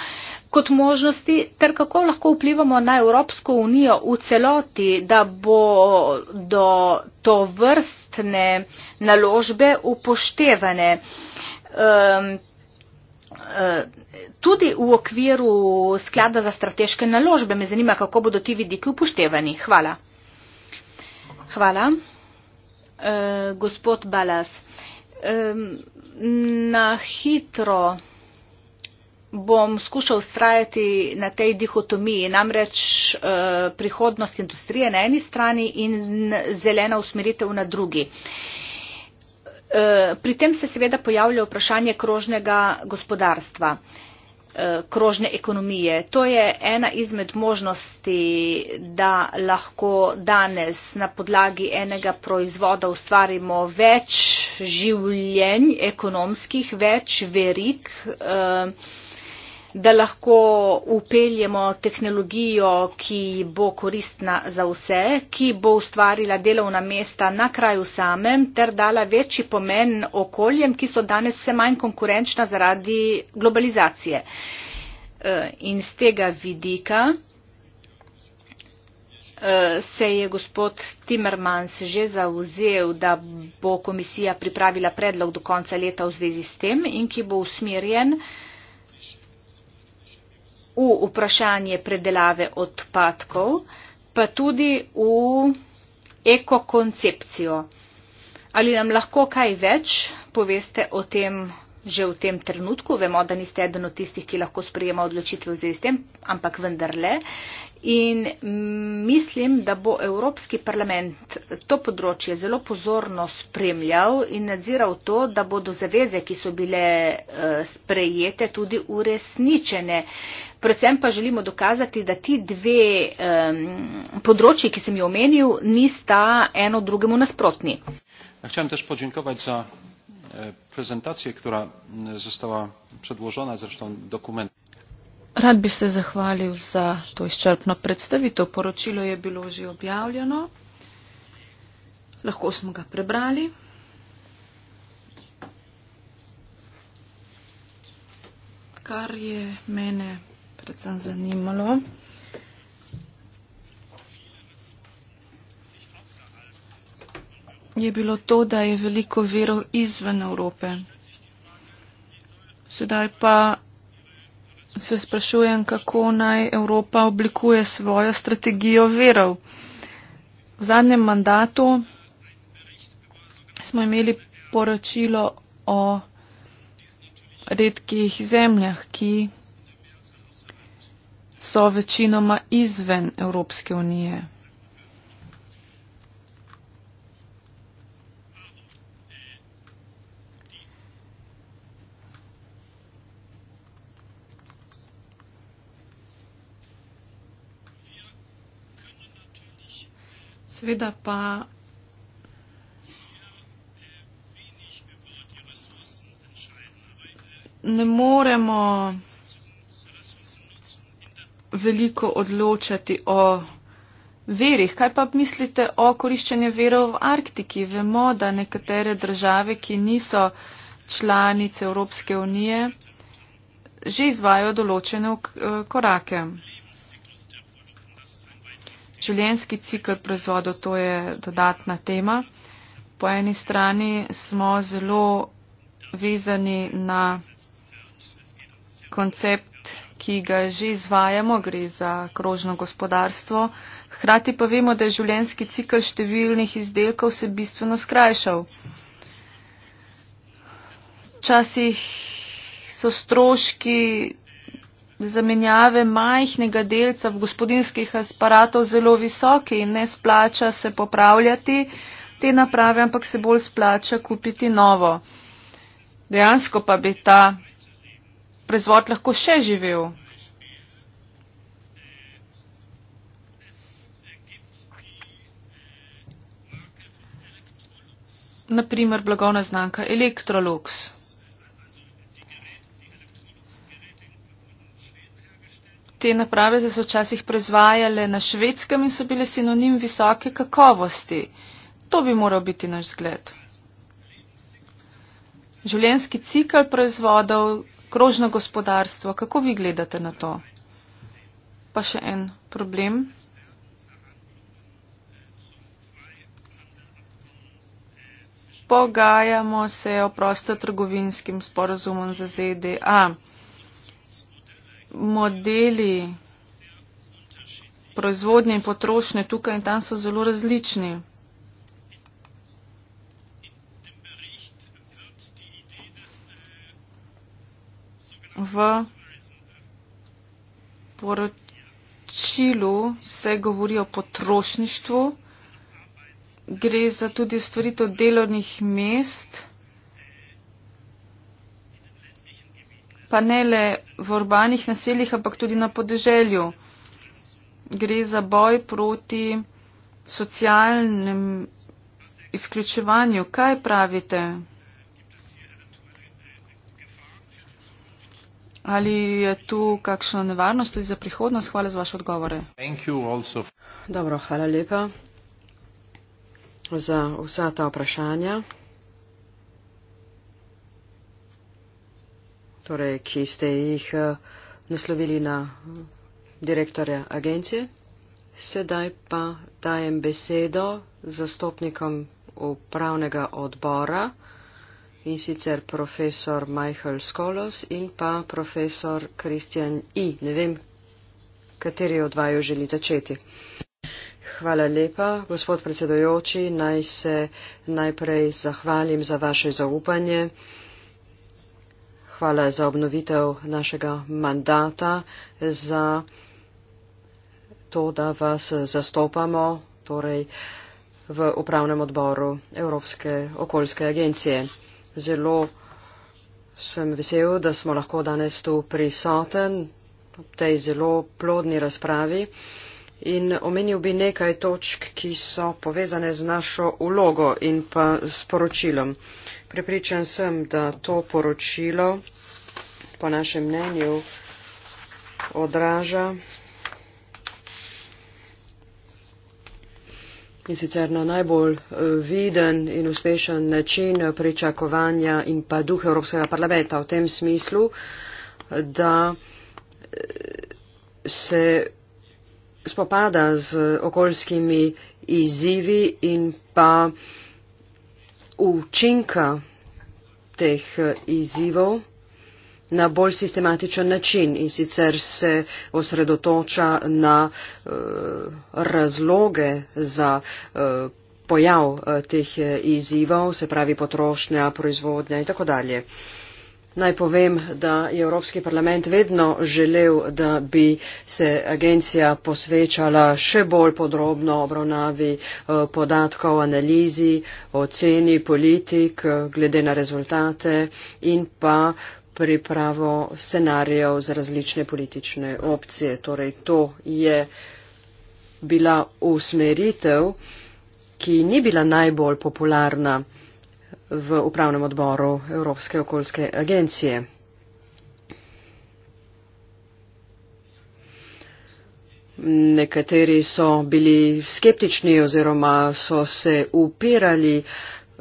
kot možnosti, ter kako lahko vplivamo na Evropsko unijo v celoti, da bo do to vrstne naložbe upoštevane. Um, Tudi v okviru sklada za strateške naložbe me zanima, kako bodo ti vidiki upoštevani. Hvala. Hvala. Uh, gospod Balas, um, na hitro bom skušal ustrajati na tej dihotomiji, namreč uh, prihodnost industrije na eni strani in zelena usmeritev na drugi. Pri tem se seveda pojavlja vprašanje krožnega gospodarstva. Eh, krožne ekonomije. To je ena izmed možnosti, da lahko danes na podlagi enega proizvoda ustvarimo več življenj ekonomskih, več verik. Uh, eh, da lahko upeljemo tehnologijo, ki bo koristna za vse, ki bo ustvarila delovna mesta na kraju samem ter dala večji pomen okoljem, ki so danes vse manj konkurenčna zaradi globalizacije. E, in z tega vidika e, se je gospod Timmermans že zauzel, da bo komisija pripravila predlog do konca leta v zvezi s tem in ki bo usmerjen v vprašanje predelave odpadkov, pa tudi v ekokoncepcijo. Ali nam lahko kaj več poveste o tem že v tem trenutku, vemo, da niste eden od tistih, ki lahko sprejema odločitve v zvezi s tem, ampak vendarle. In mm, mislim, da bo Evropski parlament to področje zelo pozorno spremljal in nadziral to, da bodo zaveze, ki so bile eh, sprejete, tudi uresničene. Predvsem pa želimo dokazati, da ti dve um, področji, ki sem jih omenil, nista eno drugemu nasprotni. Ja, E, prezentacije, która e, została przedłożona, zresztą dokument. Rad bi se zahvalil za to izčrpno predstavitev. Poročilo je bilo že objavljeno. Lahko smo ga prebrali. Kar je mene predvsem zanimalo. je bilo to, da je veliko verov izven Evrope. Sedaj pa se sprašujem, kako naj Evropa oblikuje svojo strategijo verov. V zadnjem mandatu smo imeli poročilo o redkih zemljah, ki so večinoma izven Evropske unije. Seveda pa ne moremo veliko odločati o verih. Kaj pa mislite o koriščenju verov v Arktiki? Vemo, da nekatere države, ki niso članice Evropske unije, že izvajo določene eh, korake. Življenjski cikl proizvodov, to je dodatna tema. Po eni strani smo zelo vezani na koncept, ki ga že izvajamo, gre za krožno gospodarstvo. Hkrati pa vemo, da je življenjski cikl številnih izdelkov se bistveno skrajšal. Včasih so stroški zamenjave majhnega delca v gospodinskih aparatov zelo visoki in ne splača se popravljati te naprave, ampak se bolj splača kupiti novo. Dejansko pa bi ta prezvod lahko še živel. Naprimer, blagovna znamka Electrolux. te naprave so se včasih proizvajale na švedskem in so bile sinonim visoke kakovosti. To bi moral biti naš zgled. Življenski cikl proizvodov, krožno gospodarstvo, kako vi gledate na to? Pa še en problem. Pogajamo se o prostotrgovinskim sporazumom za ZDA modeli proizvodnje in potrošnje tukaj in tam so zelo različni. V poročilu se govori o potrošništvu, gre za tudi stvaritev delovnih mest. pa ne le v urbanih naseljih, ampak tudi na podeželju. Gre za boj proti socialnem izključevanju. Kaj pravite? Ali je tu kakšna nevarnost tudi za prihodnost? Hvala za vaše odgovore. Dobro, hvala lepa za vsa ta vprašanja. torej, ki ste jih eh, naslovili na direktorja agencije. Sedaj pa dajem besedo zastopnikom upravnega odbora in sicer profesor Michael Skolos in pa profesor Kristjan I. Ne vem, kateri od vaju želi začeti. Hvala lepa, gospod predsedojoči, naj se najprej zahvalim za vaše zaupanje hvala za obnovitev našega mandata, za to, da vas zastopamo torej, v upravnem odboru Evropske okoljske agencije. Zelo sem vesel, da smo lahko danes tu prisoten v tej zelo plodni razpravi. In omenil bi nekaj točk, ki so povezane z našo ulogo in pa sporočilom. Prepričan sem, da to poročilo po našem mnenju odraža in sicer na najbolj eh, viden in uspešen način pričakovanja in pa duh Evropskega parlamenta v tem smislu, da eh, se spopada z okoljskimi izzivi in pa učinka teh eh, izzivov na bolj sistematičen način in sicer se osredotoča na eh, razloge za eh, pojav teh izzivov, se pravi potrošnja, proizvodnja in tako dalje. Naj povem, da je Evropski parlament vedno želel, da bi se agencija posvečala še bolj podrobno obravnavi eh, podatkov, analizi, oceni politik, eh, glede na rezultate in pa pripravo scenarijev za različne politične opcije. Torej, to je bila usmeritev, ki ni bila najbolj popularna v upravnem odboru Evropske okoljske agencije. Nekateri so bili skeptični oziroma so se upirali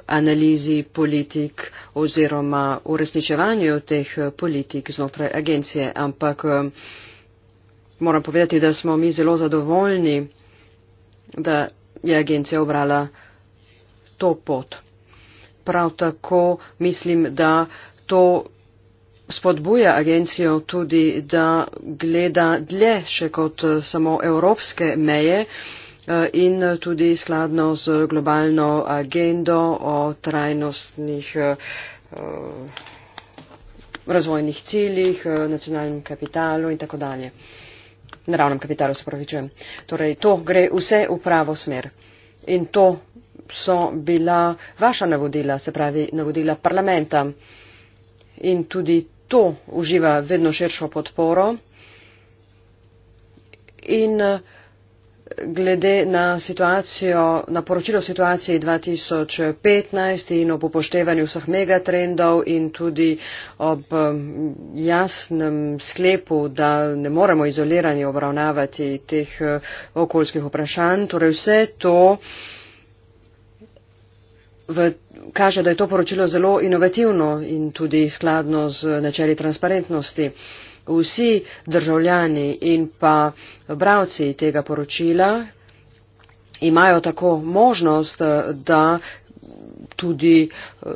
analizi politik oziroma uresničevanju teh politik znotraj agencije, ampak eh, moram povedati, da smo mi zelo zadovoljni, da je agencija obrala to pot. Prav tako mislim, da to spodbuja agencijo tudi, da gleda dlje še kot eh, samo evropske meje eh, in tudi skladno z globalno agendo o trajnostnih eh, razvojnih ciljih, nacionalnem kapitalu in tako dalje. Naravnem kapitalu se pravičujem. Torej, to gre vse v pravo smer in to so bila vaša navodila, se pravi navodila parlamenta. In tudi to uživa vedno širšo podporo. In uh, glede na situacijo, na poročilo o situaciji 2015 in ob upoštevanju vseh megatrendov in tudi ob um, jasnem sklepu, da ne moremo izolirani obravnavati teh uh, okoljskih vprašanj. Torej vse to v, kaže, da je to poročilo zelo inovativno in tudi skladno z načeli transparentnosti vsi državljani in pa bravci tega poročila imajo tako možnost, da tudi eh,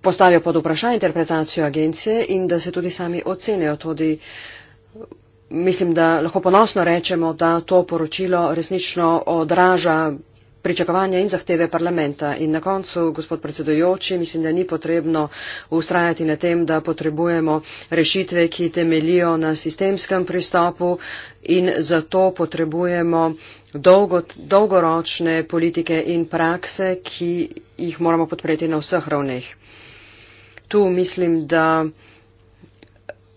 postavijo pod vprašanje interpretacijo agencije in da se tudi sami ocenijo. Tudi mislim, da lahko ponosno rečemo, da to poročilo resnično odraža pričakovanja in zahteve parlamenta. In na koncu, gospod predsedujoči, mislim, da ni potrebno ustrajati na tem, da potrebujemo rešitve, ki temelijo na sistemskem pristopu in zato potrebujemo dolgo, dolgoročne politike in prakse, ki jih moramo podpreti na vseh ravneh. Tu mislim, da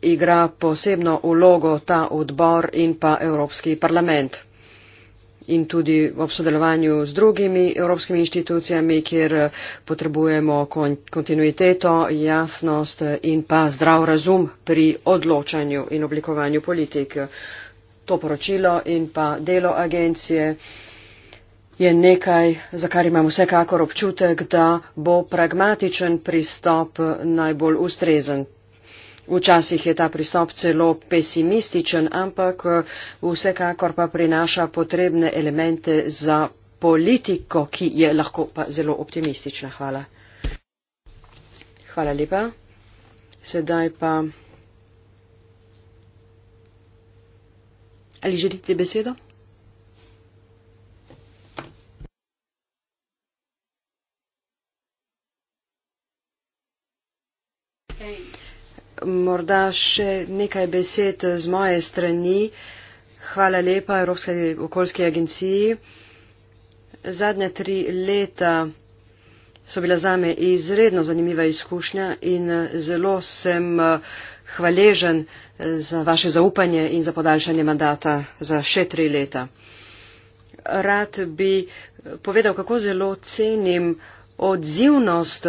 igra posebno ulogo ta odbor in pa Evropski parlament in tudi ob sodelovanju z drugimi evropskimi inštitucijami, kjer eh, potrebujemo kontinuiteto, jasnost eh, in pa zdrav razum pri odločanju in oblikovanju politik. To poročilo in pa delo agencije je nekaj, za kar imam vsekakor občutek, da bo pragmatičen pristop najbolj ustrezen. Včasih je ta pristop celo pesimističen, ampak eh, vsekakor pa prinaša potrebne elemente za politiko, ki je lahko pa zelo optimistična. Hvala. Hvala lepa. Sedaj pa. Ali želite besedo? Morda še nekaj besed z moje strani. Hvala lepa Evropske okoljske agenciji. Zadnja tri leta so bila zame izredno zanimiva izkušnja in eh, zelo sem eh, hvaležen eh, za vaše zaupanje in za podaljšanje mandata za še tri leta. Rad bi povedal, kako zelo cenim odzivnost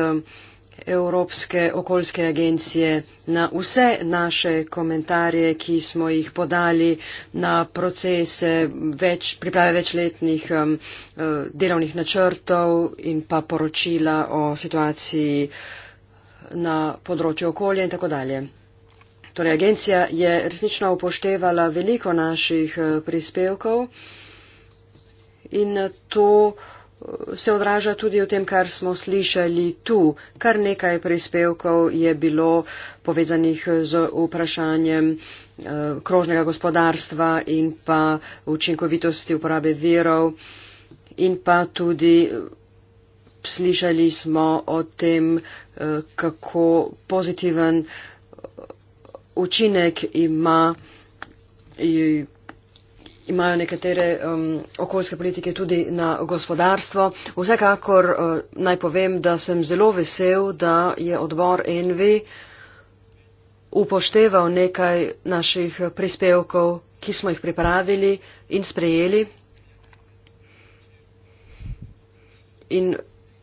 Evropske okoljske agencije na vse naše komentarje, ki smo jih podali na procese več, priprave večletnih um, uh, delovnih načrtov in pa poročila o situaciji na področju okolja in tako dalje. Torej, agencija je resnično upoštevala veliko naših uh, prispevkov in to se odraža tudi v tem, kar smo slišali tu. Kar nekaj prispevkov je bilo povezanih z vprašanjem eh, krožnega gospodarstva in pa učinkovitosti uporabe virov in pa tudi eh, slišali smo o tem, eh, kako pozitiven učinek ima imajo nekatere um, okoljske politike tudi na gospodarstvo. Vsekakor uh, naj povem, da sem zelo vesel, da je odbor NV upošteval nekaj naših prispevkov, ki smo jih pripravili in sprejeli in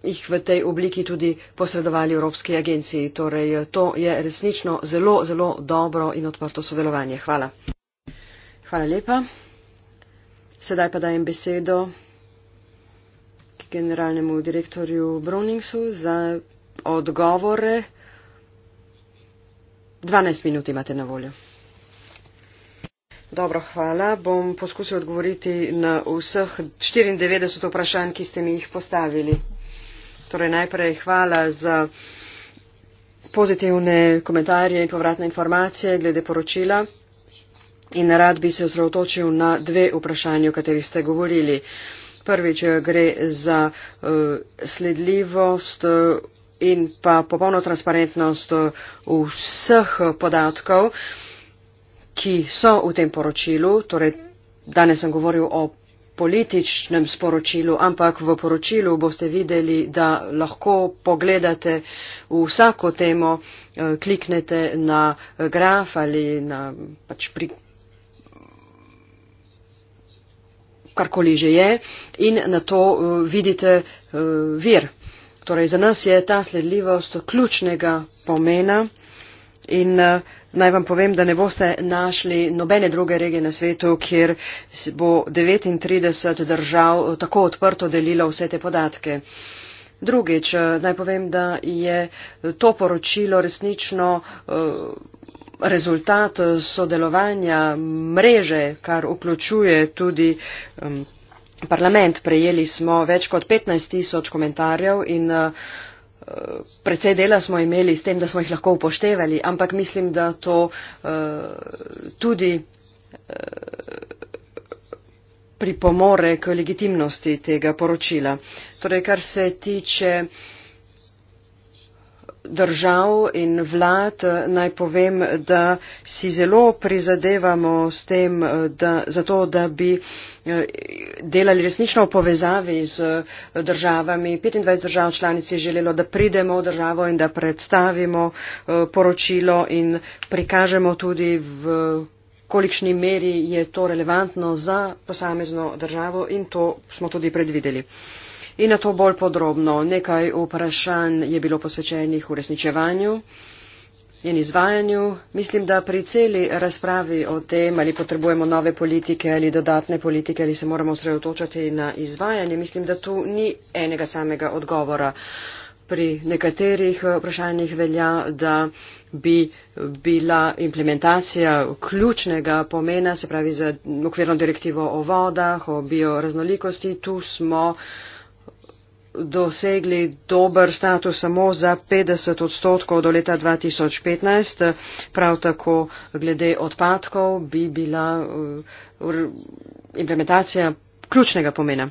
jih v tej obliki tudi posredovali Evropski agenciji. Torej, to je resnično zelo, zelo dobro in odprto sodelovanje. Hvala. Hvala lepa. Sedaj pa dajem besedo generalnemu direktorju Browningsu za odgovore. 12 minut imate na voljo. Dobro, hvala. Bom poskusil odgovoriti na vseh 94 vprašanj, ki ste mi jih postavili. Torej najprej hvala za pozitivne komentarje in povratne informacije glede poročila in rad bi se osredotočil na dve vprašanje, o katerih ste govorili. Prvič eh, gre za uh, sledljivost uh, in pa popolno transparentnost uh, vseh podatkov, ki so v tem poročilu. Torej, danes sem govoril o političnem sporočilu, ampak v poročilu boste videli, da lahko pogledate vsako temo, kliknete na graf ali na pač pri, karkoli že je, in na to eh, vidite eh, vir. Torej, za nas je ta sledljivost ključnega pomena in eh, naj vam povem, da ne boste našli nobene druge regije na svetu, kjer bo 39 držav tako odprto delilo vse te podatke. Drugič, naj povem, da je to poročilo resnično rezultat eh, sodelovanja mreže, kar vključuje tudi um, parlament. Prejeli smo več kot 15 tisoč komentarjev in uh, eh, Predvsej dela smo imeli s tem, da smo jih lahko upoštevali, ampak mislim, da to uh, tudi uh, pripomore k legitimnosti tega poročila. Torej, kar se tiče uh, držav in vlad, eh, naj povem, da si zelo prizadevamo s tem, eh, da, zato, da bi eh, delali resnično v povezavi z državami. 25 držav članic je želelo, da pridemo v državo in da predstavimo poročilo in prikažemo tudi v kolikšni meri je to relevantno za posamezno državo in to smo tudi predvideli in na to bolj podrobno. Nekaj vprašanj je bilo posvečenih uresničevanju in izvajanju. Mislim, da pri celi razpravi o tem, ali potrebujemo nove politike ali dodatne politike, ali se moramo osredotočati na izvajanje, mislim, da tu ni enega samega odgovora. Pri nekaterih eh, vprašanjih velja, da bi bila implementacija ključnega pomena, se pravi za okvirno direktivo o vodah, o bioraznolikosti. Tu smo uh, dosegli dober status samo za 50 odstotkov do leta 2015. Prav tako glede odpadkov bi bila uh, implementacija ključnega pomena.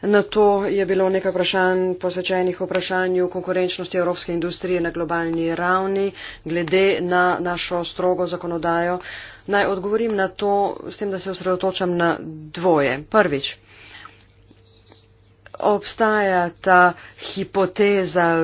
Na to je bilo nekaj vprašanj posvečenih vprašanju konkurenčnosti evropske industrije na globalni ravni, glede na našo strogo zakonodajo. Naj odgovorim na to s tem, da se osredotočam na dvoje. Prvič obstaja ta hipoteza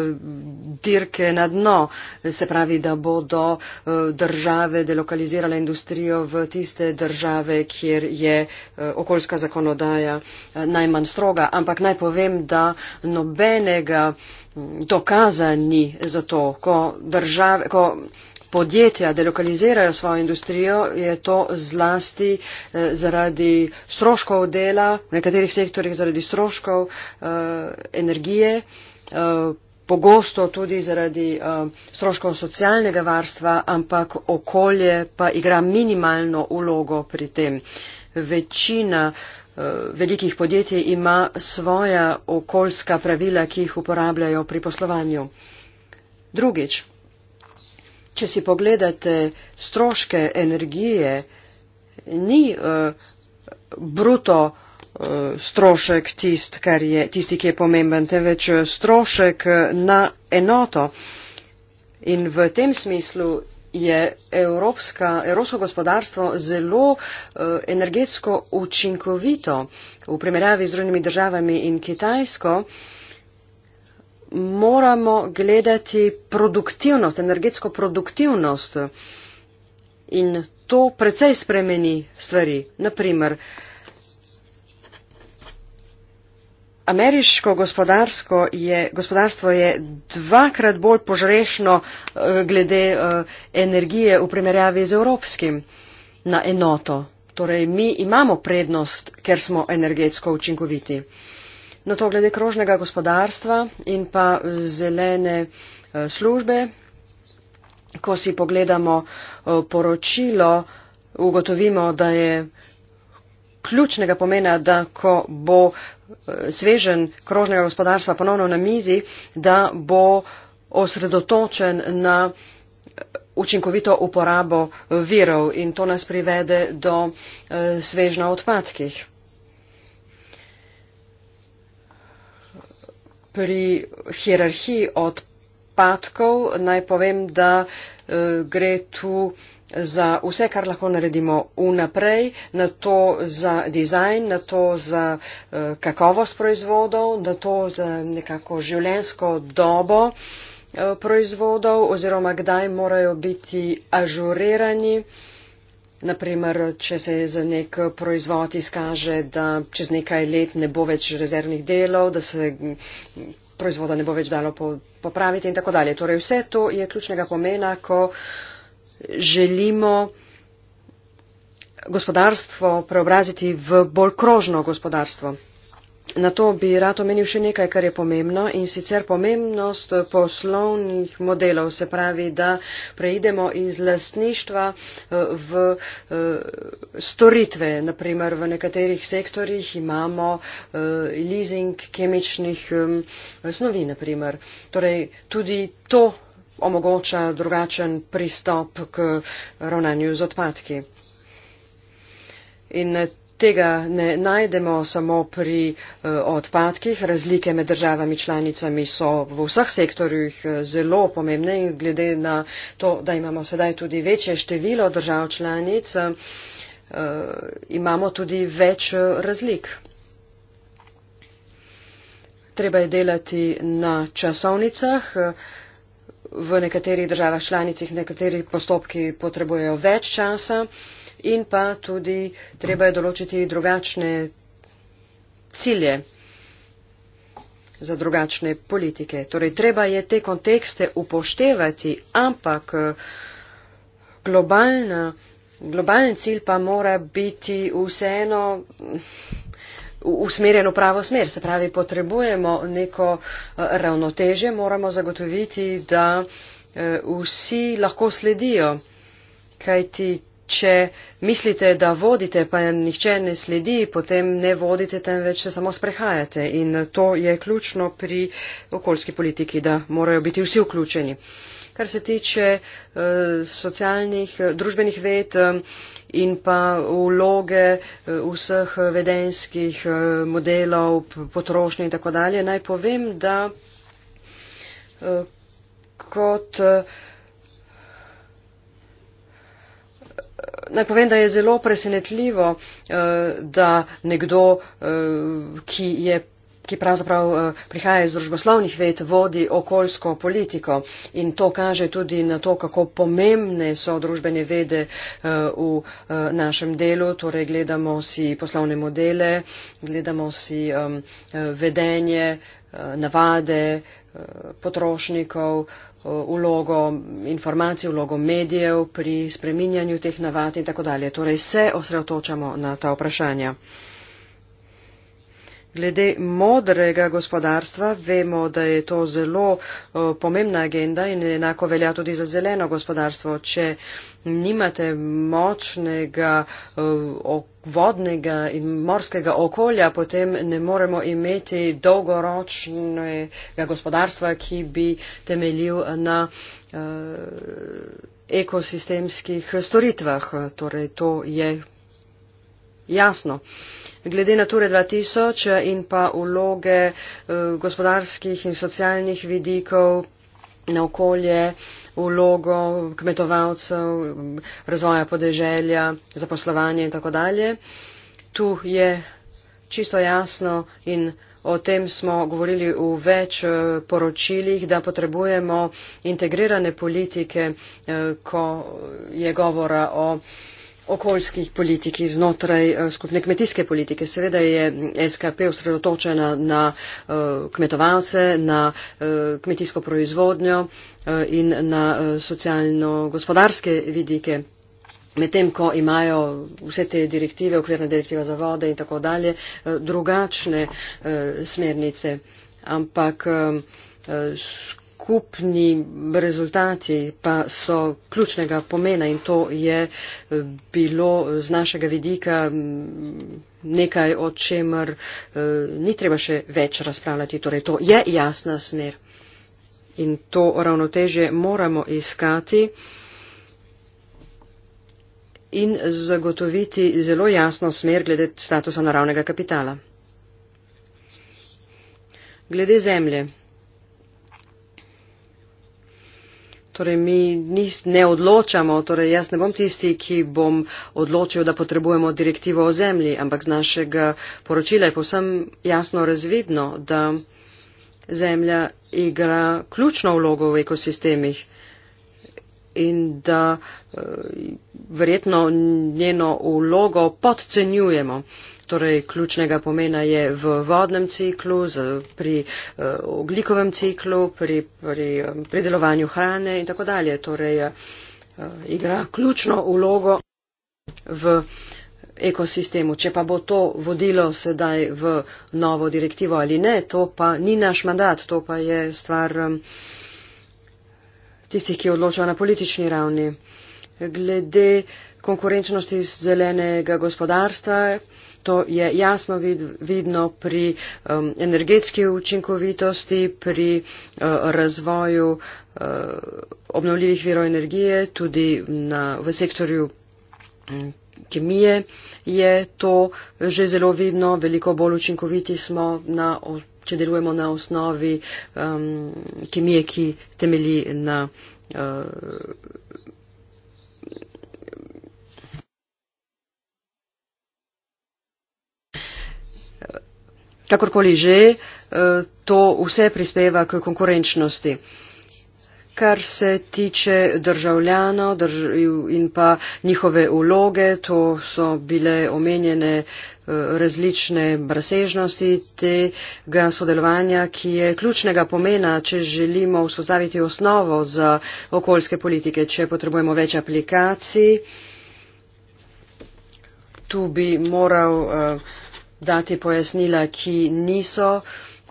dirke na dno, se pravi, da bodo eh, države delokalizirale industrijo v tiste države, kjer je eh, okoljska zakonodaja eh, najmanj stroga. Ampak naj povem, da nobenega mm, dokaza ni za to, ko države. Ko podjetja delokalizirajo svojo industrijo, je to zlasti eh, zaradi stroškov dela, v nekaterih sektorjih zaradi stroškov eh, energije, eh, pogosto tudi zaradi stroškov socialnega varstva, ampak okolje pa igra minimalno ulogo pri tem. Večina velikih podjetij ima svoja okoljska pravila, ki jih uporabljajo pri poslovanju. Drugič, če si pogledate stroške energije, ni uh, bruto uh, strošek tist, kar je, tisti, ki je pomemben, temveč eh, strošek na enoto. In v tem smislu je evropska, evropsko gospodarstvo zelo uh, energetsko učinkovito v primerjavi z drugimi državami in Kitajsko. Uh, moramo gledati produktivnost, energetsko produktivnost in to precej spremeni stvari. Naprimer, ameriško gospodarstvo je, gospodarstvo je dvakrat bolj požrešno eh, glede eh, energije v primerjavi z evropskim na enoto. Torej, mi imamo prednost, ker smo energetsko učinkoviti. Na to glede krožnega gospodarstva in pa eh, zelene eh, službe, ko si pogledamo eh, poročilo, ugotovimo, da je ključnega pomena, da ko bo svežen krožnega gospodarstva ponovno na mizi, da bo osredotočen na učinkovito uporabo virov in to nas privede do svežna odpadkih. pri hierarhiji odpadkov naj povem, da eh, gre tu za vse, kar lahko naredimo vnaprej, na to za dizajn, na to za eh, kakovost proizvodov, na to za nekako življensko dobo eh, proizvodov oziroma kdaj morajo biti ažurirani. Naprimer, če se za nek proizvod izkaže, da čez nekaj let ne bo več rezervnih delov, da se proizvoda ne bo več dalo popraviti in tako dalje. Torej, vse to je ključnega pomena, ko želimo gospodarstvo preobraziti v bolj krožno gospodarstvo. Na to bi rad omenil še nekaj, kar je pomembno in sicer pomembnost poslovnih modelov, se pravi, da preidemo iz lastništva eh, v eh, storitve. Naprimer, v nekaterih sektorjih imamo eh, leasing kemičnih snovi, naprimer. Torej, tudi to omogoča drugačen pristop k ravnanju z odpadki. In Tega ne najdemo samo pri uh, odpadkih. Razlike med državami članicami so v vseh sektorjih eh, zelo pomembne in glede na to, da imamo sedaj tudi večje število držav članic, uh, imamo tudi več razlik. Treba je delati na časovnicah. V nekaterih državah članicih nekateri postopki potrebujejo več časa. Uh, in pa tudi treba je določiti drugačne cilje za drugačne politike. Torej, treba je te kontekste upoštevati, ampak eh, globalna, globalen cilj pa mora biti vseeno usmerjen v pravo smer. Se pravi, potrebujemo neko eh, ravnoteže, moramo zagotoviti, da eh, vsi lahko sledijo, kajti če mislite, da vodite, pa nihče ne sledi, potem ne vodite, temveč se samo sprehajate. In to je ključno pri okoljski politiki, da morajo biti vsi vključeni. Kar se tiče eh, socialnih, eh, družbenih ved eh, in pa vloge vseh vedenskih modelov, potrošnje in tako dalje, naj povem, da kot. naj povem, da je zelo presenetljivo, eh, da nekdo, eh, ki, je, ki pravzaprav eh, prihaja iz družboslovnih ved, vodi okoljsko politiko. In to kaže tudi na to, kako pomembne so družbene vede v našem delu. Torej, gledamo si poslovne modele, gledamo si vedenje, navade eh, potrošnikov, ulogo eh, informacij, ulogo medijev pri spreminjanju teh navad in tako dalje. Torej se osredotočamo na ta vprašanja. Glede modrega gospodarstva vemo, da je to zelo eh, pomembna agenda in enako velja tudi za zeleno gospodarstvo. Če nimate močnega eh, vodnega in morskega okolja, potem ne moremo imeti dolgoročnega gospodarstva, ki bi temeljil na eh, ekosistemskih storitvah. Torej, to je jasno glede nature 2000 eh, in pa vloge eh, gospodarskih in socialnih vidikov na okolje, vlogo kmetovalcev, razvoja podeželja, zaposlovanje in tako dalje. Tu je čisto jasno in o tem smo govorili v več eh, poročilih, da potrebujemo integrirane politike, ko je govora o okoljskih politik in znotraj eh, skupne kmetijske politike. Seveda je SKP osredotočena na eh, kmetovalce, na eh, kmetijsko proizvodnjo in na socialno-gospodarske vidike. Medtem, ko imajo vse te direktive, okvirna direktiva za vode in tako dalje, drugačne smernice. Ampak skupni rezultati pa so ključnega pomena in to je eh, bilo z našega vidika mm, nekaj, o čemer eh, ni treba še več razpravljati. Torej, to je jasna smer in to ravnotežje moramo iskati in zagotoviti zelo jasno smer glede statusa naravnega kapitala. Glede zemlje. Torej, mi nis, ne odločamo, torej jaz ne bom tisti, ki bom odločil, da potrebujemo direktivo o zemlji, ampak z našega poročila je povsem jasno razvidno, da zemlja igra ključno vlogo v ekosistemih in da eh, verjetno njeno vlogo podcenjujemo torej ključnega pomena je v vodnem ciklu, pri eh, oglikovem ciklu, pri pridelovanju pri eh, hrane in tako dalje. Torej eh, igra ključno ulogo v ekosistemu. Če pa bo to vodilo sedaj v novo direktivo ali ne, to pa ni naš mandat, to pa je stvar tistih, ki odločajo na politični ravni. Glede konkurenčnosti zelenega gospodarstva, To je jasno vid, vidno pri um, energetski učinkovitosti, pri uh, razvoju uh, obnovljivih virov energije, tudi na, v sektorju. Um, kemije je to že zelo vidno, veliko bolj učinkoviti smo, na, če delujemo na osnovi um, kemije, ki temelji na uh, Kakorkoli že, eh, to vse prispeva k konkurenčnosti. Kar se tiče državljanov in pa njihove vloge, to so bile omenjene eh, različne brasežnosti tega sodelovanja, ki je ključnega pomena, če želimo vzpostaviti osnovo za okoljske politike, če potrebujemo več aplikacij. Tu bi moral uh, dati pojasnila, ki niso,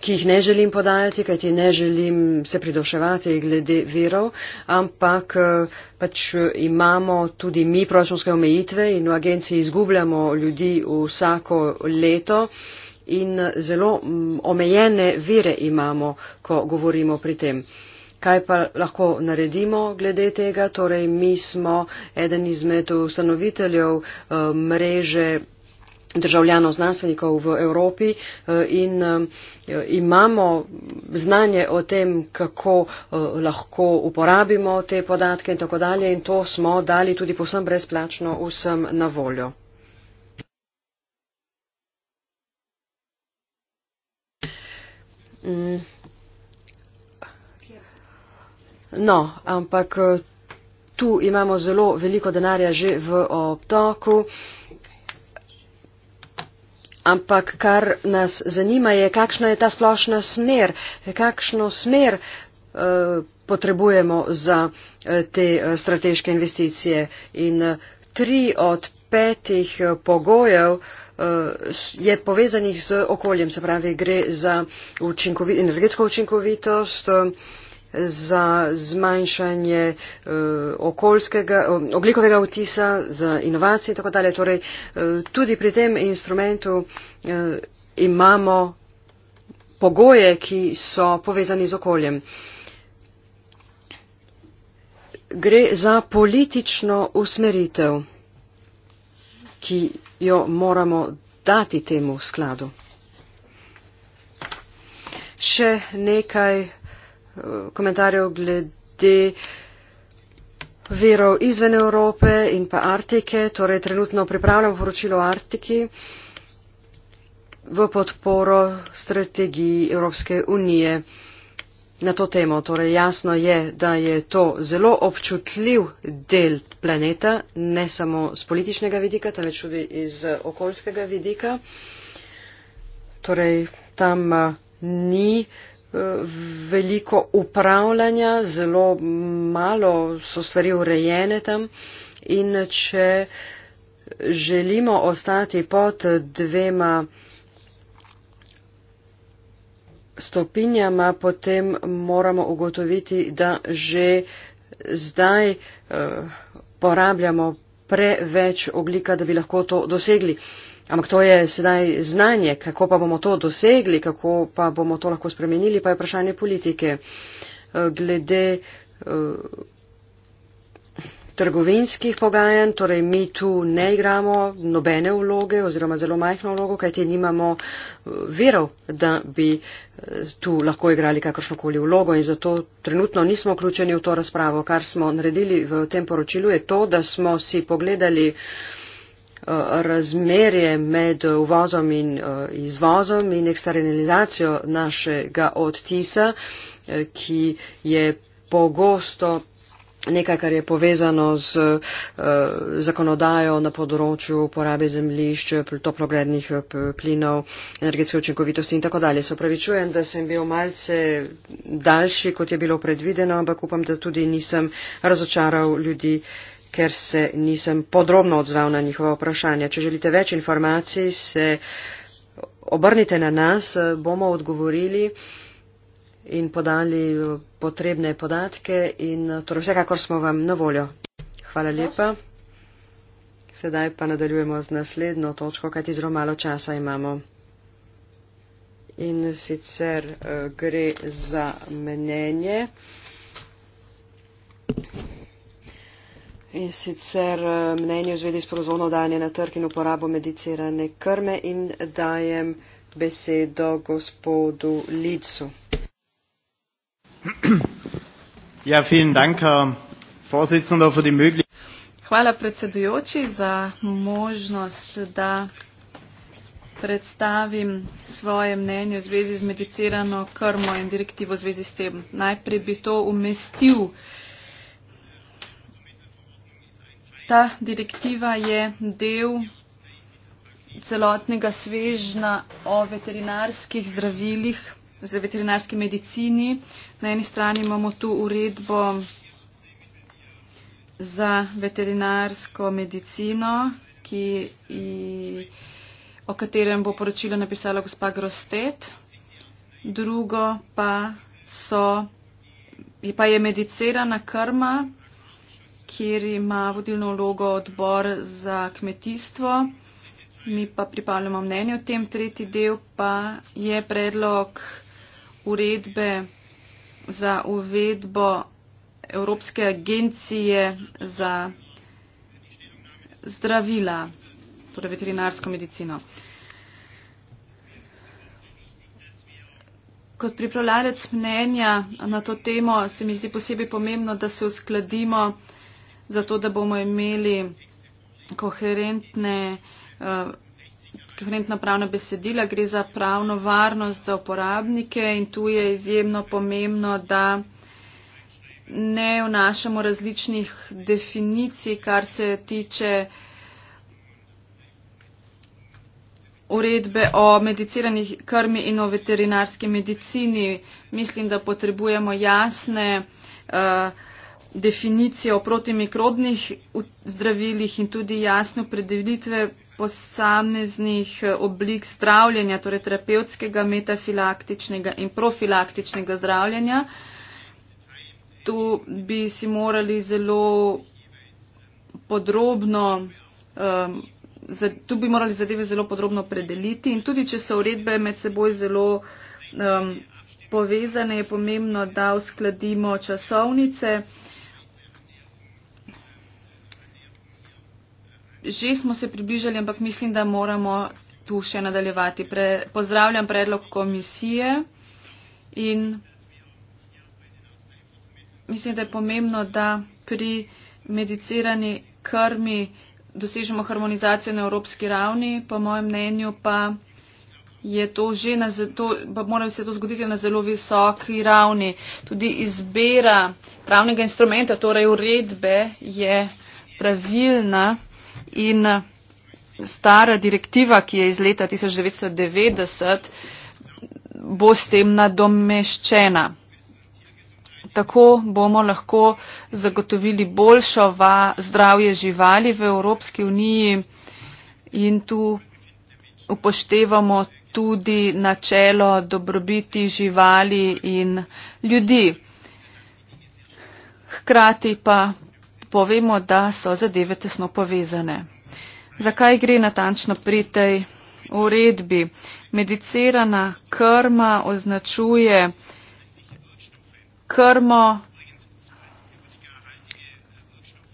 ki jih ne želim podajati, kajti ne želim se pridoševati glede verov, ampak eh, pač eh, imamo tudi mi proračunske omejitve in v agenciji izgubljamo ljudi vsako leto. In eh, zelo omejene vire imamo, ko govorimo pri tem. Kaj pa lahko naredimo glede tega? Torej, mi smo eden izmed ustanoviteljev mreže državljanov znanstvenikov v Evropi eh, in eh, imamo znanje o tem, kako eh, lahko uporabimo te podatke in tako dalje in to smo dali tudi posem brezplačno vsem na voljo. Mm. No, ampak tu imamo zelo veliko denarja že v obtoku ampak kar nas zanima je, kakšna je ta splošna smer, kakšno smer uh, potrebujemo za uh, te uh, strateške investicije. In uh, tri od petih uh, pogojev je povezanih z okoljem, se pravi gre za učinkovi, energetsko učinkovitost, uh, za zmanjšanje eh, okoljskega, eh, oglikovega vtisa, za inovacije itd. Torej, eh, tudi pri tem instrumentu imamo pogoje, ki so povezani z okoljem. Gre za politično usmeritev, ki jo moramo dati temu skladu. Še nekaj komentarjev glede verov izven Evrope in pa Artike. Torej, trenutno pripravljamo poročilo o Artiki v podporo strategiji Evropske unije na to temo. Torej, jasno je, da je to zelo občutljiv del planeta, ne samo z političnega vidika, temveč tudi iz okoljskega vidika. Torej, tam eh, ni veliko upravljanja, zelo malo so stvari urejene tam in če želimo ostati pod dvema stopinjama, potem moramo ugotoviti, da že zdaj uh, porabljamo preveč oglika, da bi lahko to dosegli. Uh, Ampak to je sedaj znanje, kako pa bomo to dosegli, kako pa bomo to lahko spremenili, pa je vprašanje politike. Eh, glede eh, trgovinskih pogajanj, torej mi tu ne igramo nobene vloge oziroma zelo majhno vlogo, kajti nimamo eh, verov, da bi tu lahko igrali kakršnokoli vlogo in zato trenutno nismo vključeni v to razpravo. Kar smo naredili v tem poročilu je to, da smo si pogledali uh, Eh, razmerje med eh, uvozom in eh, izvozom in eksternalizacijo našega odtisa, ki je pogosto nekaj, kar je povezano z zakonodajo na področju uporabe zemljišč, toplogrednih plinov, energetske učinkovitosti in tako dalje. Se opravičujem, da sem bil malce daljši, kot je bilo predvideno, ampak upam, da tudi nisem razočaral ljudi, ker se nisem podrobno odzval na njihova vprašanja. Če želite več informacij, se obrnite na nas, bomo odgovorili in podali potrebne podatke in torej vsekakor smo vam na voljo. Hvala lepa. Sedaj pa nadaljujemo z naslednjo točko, kajti zelo malo časa imamo. In sicer eh, gre za menenje in sicer eh, mnenje v zvedi s prozono danje na trg in uporabo medicirane krme in dajem besedo gospodu Licu. Ja, dank, Hvala predsedujoči za možnost, da predstavim svoje mnenje v zvezi z medicirano krmo in direktivo v zvezi s tem. Najprej bi to umestil. ta direktiva je del celotnega svežna o veterinarskih zdravilih, za veterinarski medicini. Na eni strani imamo tu uredbo za veterinarsko medicino, ki, i, o katerem bo poročilo napisala gospa Grostet. Drugo pa so, je pa je medicirana krma, kjer ima vodilno vlogo odbor za kmetijstvo. Mi pa pripravljamo mnenje o tem. Tretji del pa je predlog uredbe za uvedbo Evropske agencije za zdravila, torej veterinarsko medicino. Kot pripravljalec mnenja na to temo se mi zdi posebej pomembno, da se uskladimo zato da bomo imeli koherentne, uh, koherentna pravna besedila. Gre za pravno varnost za uporabnike in tu je izjemno pomembno, da ne vnašamo različnih definicij, kar se tiče uredbe o medicirani krmi in o veterinarski medicini. Mislim, da potrebujemo jasne uh, definicijo o protimikrobnih zdravilih in tudi jasno predviditve posameznih eh, oblik zdravljenja, torej terapevtskega, metafilaktičnega in profilaktičnega zdravljenja. Tu bi si morali zelo podrobno, um, za, tu bi morali zadeve zelo podrobno predeliti in tudi, če so uredbe med seboj zelo um, povezane, je pomembno, da uskladimo časovnice. Že smo se približali, ampak mislim, da moramo tu še nadaljevati. Pre, pozdravljam predlog komisije in mislim, da je pomembno, da pri medicirani krmi dosežemo harmonizacijo na evropski ravni. Po mojem mnenju pa, to na, to, pa mora se to zgoditi na zelo visoki ravni. Tudi izbira pravnega instrumenta, torej uredbe, je pravilna. In eh, stara direktiva, ki je iz leta 1990, bo s tem nadomeščena. Tako bomo lahko zagotovili boljšo va zdravje živali v Evropski uniji in tu upoštevamo tudi načelo dobrobiti živali in ljudi. Hkrati pa povemo, da so zadeve tesno povezane. Zakaj gre natančno pri tej uredbi? Medicirana krma označuje krmo,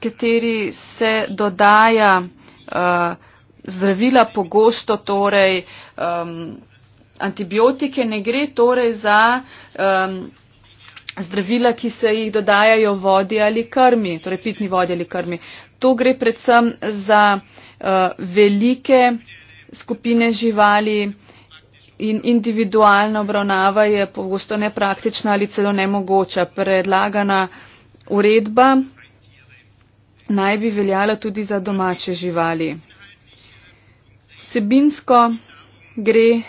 kateri se dodaja uh, zdravila pogosto, torej um, antibiotike. Ne gre torej za. Um, zdravila, ki se jih dodajajo vodi ali krmi, torej pitni vodi ali krmi. To gre predvsem za uh, velike skupine živali in individualna obravnava je pogosto nepraktična ali celo nemogoča. Predlagana uredba naj bi veljala tudi za domače živali. Vsebinsko gre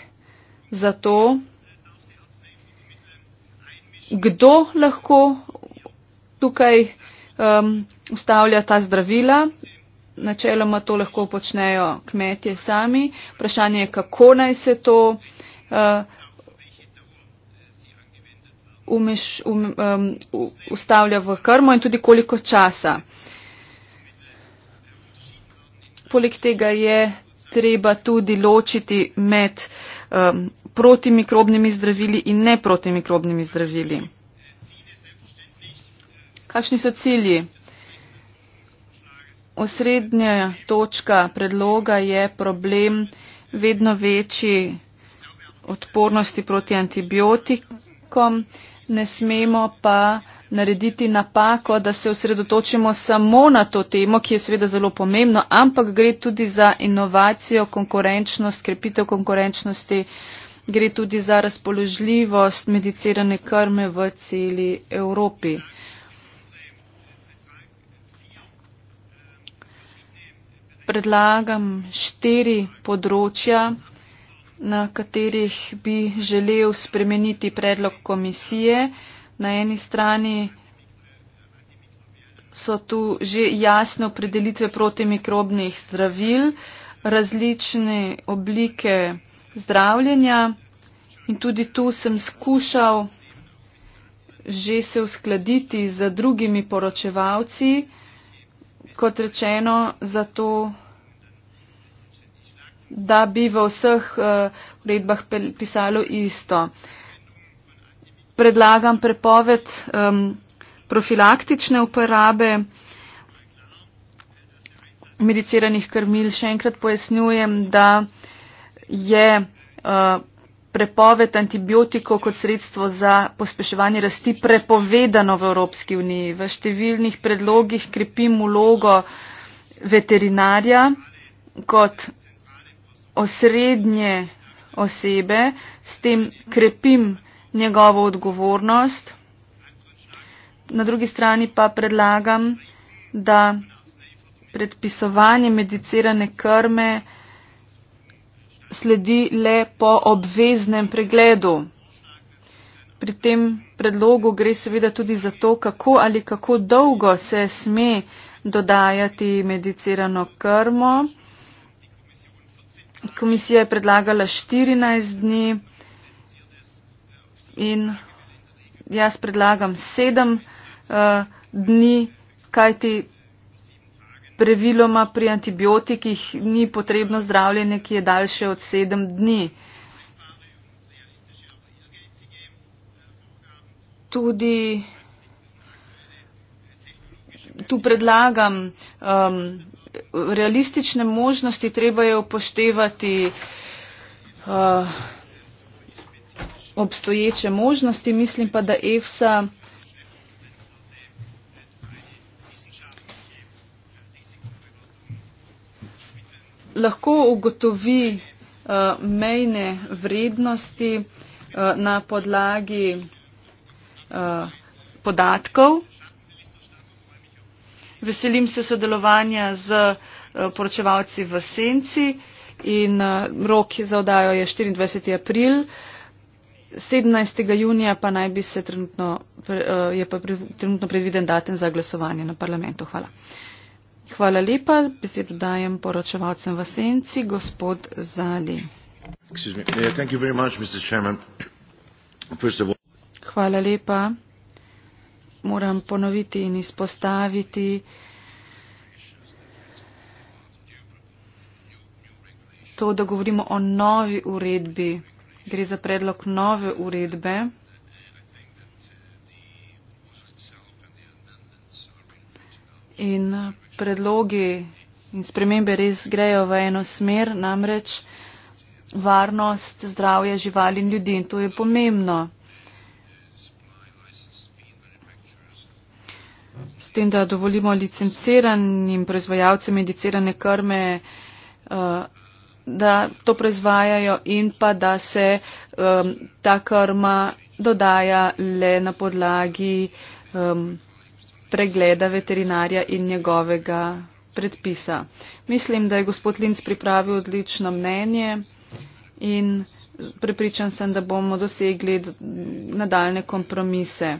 za to, kdo lahko tukaj um, ustavlja ta zdravila. Načeloma to lahko počnejo kmetje sami. Vprašanje je, kako naj se to uh, umeš, um, um, ustavlja v krmo in tudi koliko časa. Poleg tega je treba tudi ločiti med uh, um, protimikrobnimi zdravili in ne protimikrobnimi zdravili. Kakšni so cilji? Osrednja točka predloga je problem vedno večji odpornosti proti antibiotikom, ne smemo pa narediti napako, da se osredotočimo samo na to temo, ki je seveda zelo pomembno, ampak gre tudi za inovacijo, konkurenčnost, krepitev konkurenčnosti, gre tudi za razpoložljivost medicirane krme v celi Evropi. Predlagam štiri področja, na katerih bi želel spremeniti predlog komisije. Na eni strani so tu že jasne opredelitve protimikrobnih zdravil, različne oblike zdravljenja in tudi tu sem skušal že se uskladiti z drugimi poročevalci, kot rečeno, zato, da bi v vseh eh, uredbah pisalo isto predlagam prepoved um, profilaktične uporabe mediciranih krmil. Še enkrat pojasnjujem, da je uh, prepoved antibiotikov kot sredstvo za pospeševanje rasti prepovedano v Evropski uniji. V številnih predlogih krepim vlogo veterinarja kot osrednje osebe, s tem krepim njegovo odgovornost. Na drugi strani pa predlagam, da predpisovanje medicirane krme sledi le po obveznem pregledu. Pri tem predlogu gre seveda tudi za to, kako ali kako dolgo se sme dodajati medicirano krmo. Komisija je predlagala 14 dni in jaz predlagam sedem uh, dni, kajti previloma pri antibiotikih ni potrebno zdravljenje, ki je daljše od sedem dni. Tudi tu predlagam um, realistične možnosti, treba je upoštevati. Uh, obstoječe možnosti. Mislim pa, da EFSA lahko ugotovi eh, mejne vrednosti eh, na podlagi eh, podatkov. Veselim se sodelovanja z poročevalci v Senci in rok za odajo je 24. april. 17. junija pa naj bi se trenutno, eh, je pa pred, trenutno predviden datum za glasovanje na parlamentu. Hvala. Hvala lepa. Besedo dajem poročevalcem v senci, gospod Zali. Hvala lepa. Moram ponoviti in izpostaviti, to, da govorimo o novi uredbi Gre za predlog nove uredbe. In predlogi in spremembe res grejo v eno smer, namreč varnost, zdravje živali in ljudi. In to je pomembno. S tem, da dovolimo licenciranim proizvajalcem medicirane krme. Uh, da to proizvajajo in pa da se um, ta krma dodaja le na podlagi um, pregleda veterinarja in njegovega predpisa. Mislim, da je gospod Linz pripravil odlično mnenje in prepričan sem, da bomo dosegli nadaljne kompromise,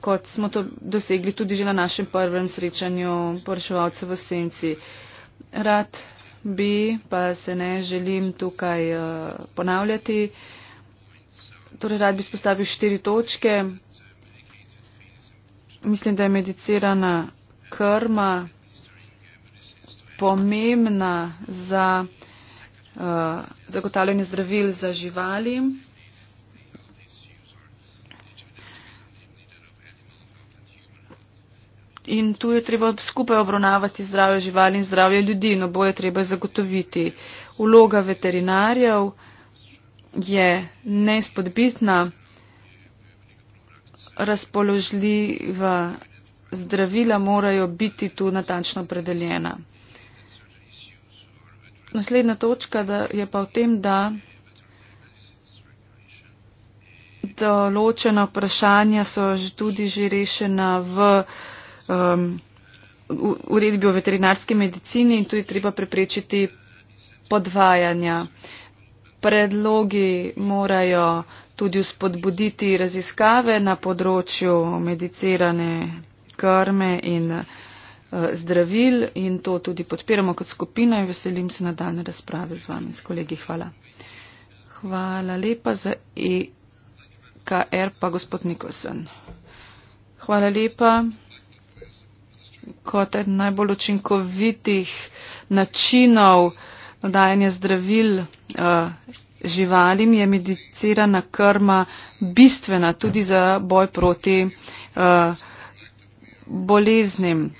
kot smo to dosegli tudi že na našem prvem srečanju poraševalcev v senci. Rad bi, pa se ne želim tukaj eh, ponavljati. Torej, rad bi spostavil štiri točke. Mislim, da je medicirana krma pomembna za uh, zagotavljanje zdravil za živali. in tu je treba skupaj obravnavati zdravje živali in zdravje ljudi, no bo je treba zagotoviti. Uloga veterinarjev je neizpodbitna, razpoložljiva zdravila morajo biti tu natančno predeljena. Naslednja točka da, je pa v tem, da določena vprašanja so tudi že rešena v um, uredbi o veterinarski medicini in tudi treba preprečiti podvajanja. Predlogi morajo tudi uspodbuditi raziskave na področju medicirane krme in uh, zdravil in to tudi podpiramo kot skupina in veselim se na daljne razprave z vami, s kolegi. Hvala. Hvala lepa za EKR pa gospod Nikolsen. Hvala lepa kot eden najbolj učinkovitih načinov dodajanja zdravil uh, živalim je medicirana krma bistvena tudi za boj proti uh, boleznim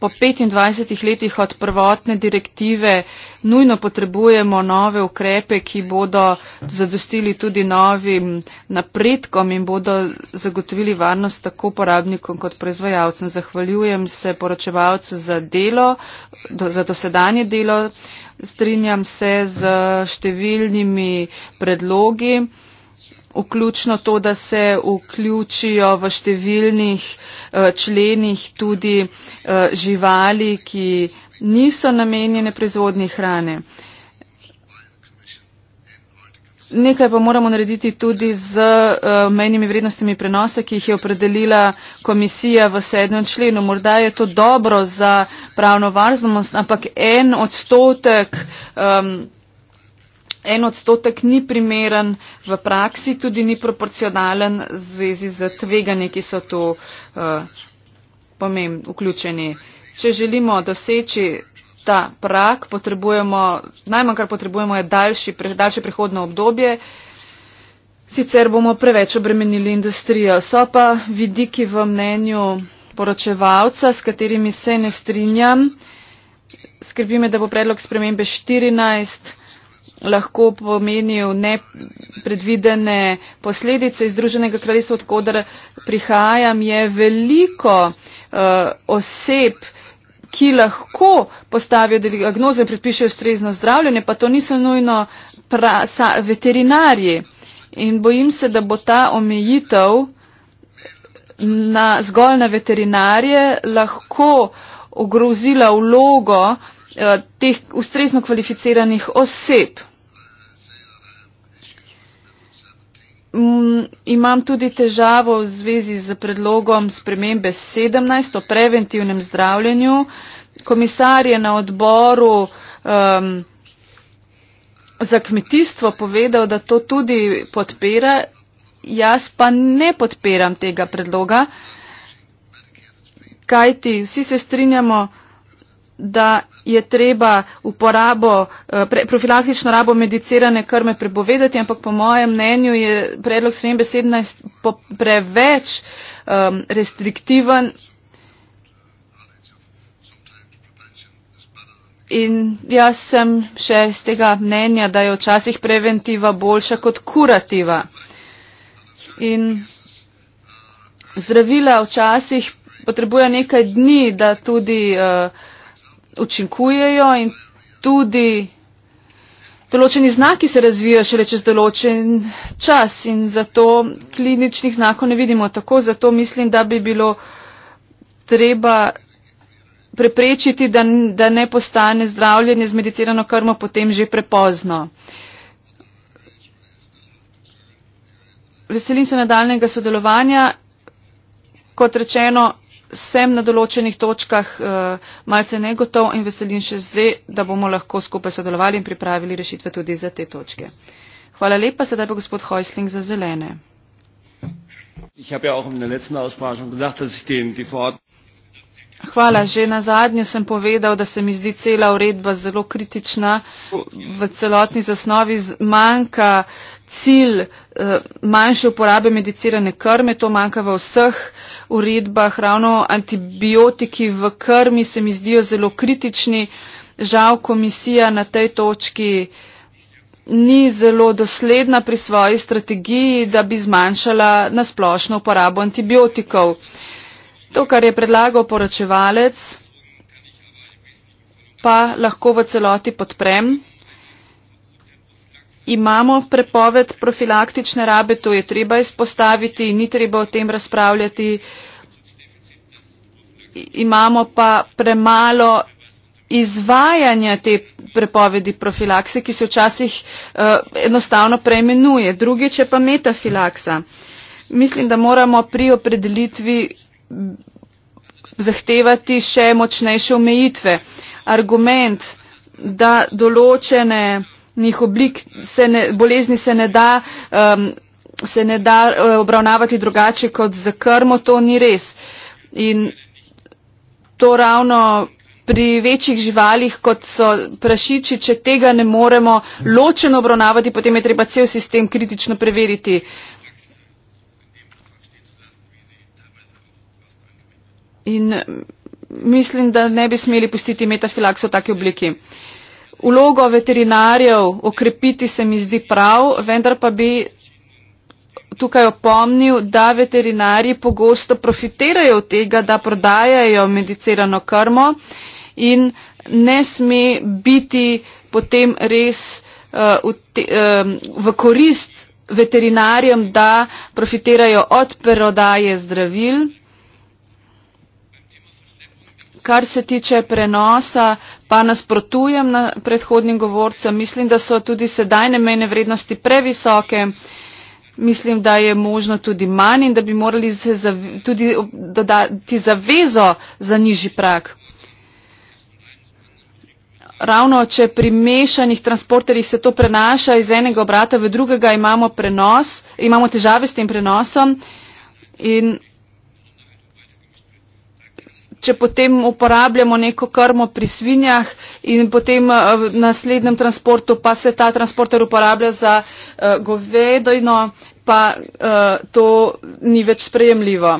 po 25 letih od prvotne direktive nujno potrebujemo nove ukrepe, ki bodo zadostili tudi novim napredkom in bodo zagotovili varnost tako porabnikom kot proizvajalcem. Zahvaljujem se poročevalcu za delo, do, za dosedanje delo. Strinjam se z številnimi predlogi vključno to, da se vključijo v številnih eh, členih tudi eh, živali, ki niso namenjene proizvodnji hrane. Nekaj pa moramo narediti tudi z uh, eh, menjimi vrednostimi prenosa, ki jih je opredelila komisija v sedmem členu. Morda je to dobro za pravno varznost, ampak en odstotek. Um, en odstotek ni primeren v praksi, tudi ni proporcionalen v zvezi z tveganji, ki so tu uh, pomem, vključeni. Če želimo doseči ta prak, potrebujemo, najmanj kar potrebujemo je daljši, pre, daljše prehodno obdobje, sicer bomo preveč obremenili industrijo. So pa vidiki v mnenju poročevalca, s katerimi se ne strinjam. Skrbime, da bo predlog spremembe 14 lahko pomenil nepredvidene posledice iz Združenega kraljestva, odkudar prihajam, je veliko uh, oseb, ki lahko postavijo diagnoze in predpišejo strezno zdravljenje, pa to niso nujno pra, sa, veterinarji. In bojim se, da bo ta omejitev na, zgolj na veterinarje lahko ogrozila vlogo uh, teh ustrezno kvalificiranih oseb. Mm, imam tudi težavo v zvezi z predlogom spremembe 17 o preventivnem zdravljenju. Komisar je na odboru um, za kmetijstvo povedal, da to tudi podpira. Jaz pa ne podpiram tega predloga, kajti vsi se strinjamo, da je treba uporabo, eh, profilaktično rabo medicirane krme prepovedati, ampak po mojem mnenju je predlog srednje 17 preveč um, restriktiven. In jaz sem še z tega mnenja, da je včasih preventiva boljša kot kurativa. In zdravila včasih potrebujejo nekaj dni, da tudi. Uh, učinkujejo in tudi določeni znaki se razvijajo šele čez določen čas in zato kliničnih znakov ne vidimo tako. Zato mislim, da bi bilo treba preprečiti, da, da ne postane zdravljenje z medicirano krmo potem že prepozno. Veselim se nadaljnega sodelovanja. Kot rečeno, sem na določenih točkah uh, malce negotov in veselim še zdaj, da bomo lahko skupaj sodelovali in pripravili rešitve tudi za te točke. Hvala lepa, sedaj pa gospod Hojsling za zelene. Ja Hvala. Že na zadnje sem povedal, da se mi zdi cela uredba zelo kritična. V celotni zasnovi manjka cilj eh, manjše uporabe medicirane krme, to manjka v vseh uredbah, ravno antibiotiki v krmi se mi zdijo zelo kritični. Žal komisija na tej točki ni zelo dosledna pri svoji strategiji, da bi zmanjšala nasplošno uporabo antibiotikov. To, kar je predlagal poročevalec, pa lahko v celoti podprem imamo prepoved profilaktične rabe, to je treba izpostaviti, ni treba o tem razpravljati. Imamo pa premalo izvajanja te prepovedi profilakse, ki se včasih uh, enostavno preimenuje. Drugič je pa metafilaksa. Mislim, da moramo pri opredelitvi zahtevati še močnejše omejitve. Argument, da določene različnih oblik se ne, bolezni se ne da. Um, se ne da uh, obravnavati drugače kot za krmo, to ni res. In to ravno pri večjih živalih, kot so prašiči, če tega ne moremo ločeno obravnavati, potem je treba cel sistem kritično preveriti. In mm, mislim, da ne bi smeli pustiti metafilaks v taki obliki vlogo veterinarjev okrepiti se mi zdi prav, vendar pa bi tukaj opomnil, da veterinari pogosto profitirajo od tega, da prodajajo medicirano krmo in ne sme biti potem res uh, v, te, uh, v korist veterinarjem, da profitirajo od prodaje zdravil kar se tiče prenosa, pa nasprotujem na predhodnim govorcem. Mislim, da so tudi sedajne mejne vrednosti previsoke. Mislim, da je možno tudi manj in da bi morali se zav tudi dodati zavezo za nižji prak. Ravno, če pri mešanih transporterjih se to prenaša iz enega obrata v drugega, imamo, prenos, imamo težave s tem prenosom. In če potem uporabljamo neko krmo pri svinjah in potem eh, v naslednjem transportu pa se ta transporter uporablja za uh, eh, govedojno, pa uh, to ni več sprejemljivo.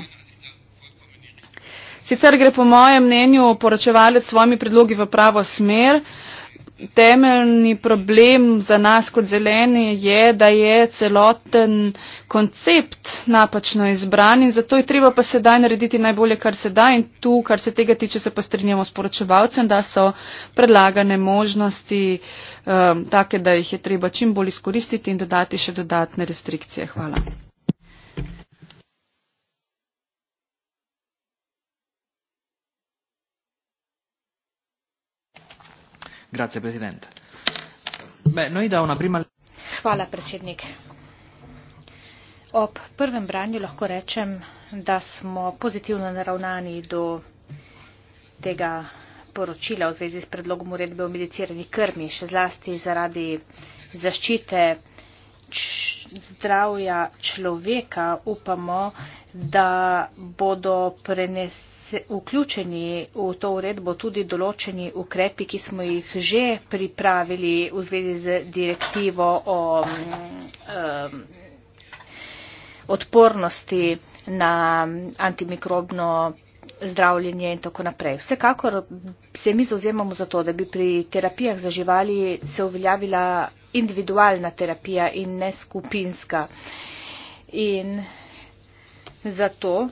Sicer gre po mojem mnenju poročevalec s svojimi predlogi v pravo smer. Uh, temeljni problem za nas kot zeleni je, da je celoten koncept napačno izbran in zato je treba pa sedaj narediti najbolje, kar se da in tu, kar se tega tiče, se pa strinjamo s poročevalcem, da so predlagane možnosti um, take, da jih je treba čim bolj izkoristiti in dodati še dodatne restrikcije. Hvala. grazie presidente. Beh, noi da una prima... Hvala, predsednik. Ob prvem branju lahko rečem, da smo pozitivno naravnani do tega poročila v zvezi s predlogom uredbe o medicirani krmi, še zlasti zaradi zaščite zdravja človeka upamo, da bodo prenesli vključeni v to uredbo tudi določeni ukrepi, ki smo jih že pripravili v zvezi z direktivo o mm, um, odpornosti na antimikrobno zdravljenje in tako naprej. Vsekakor se mi zauzemamo za to, da bi pri terapijah za živali se uveljavila individualna terapija in ne skupinska. In zato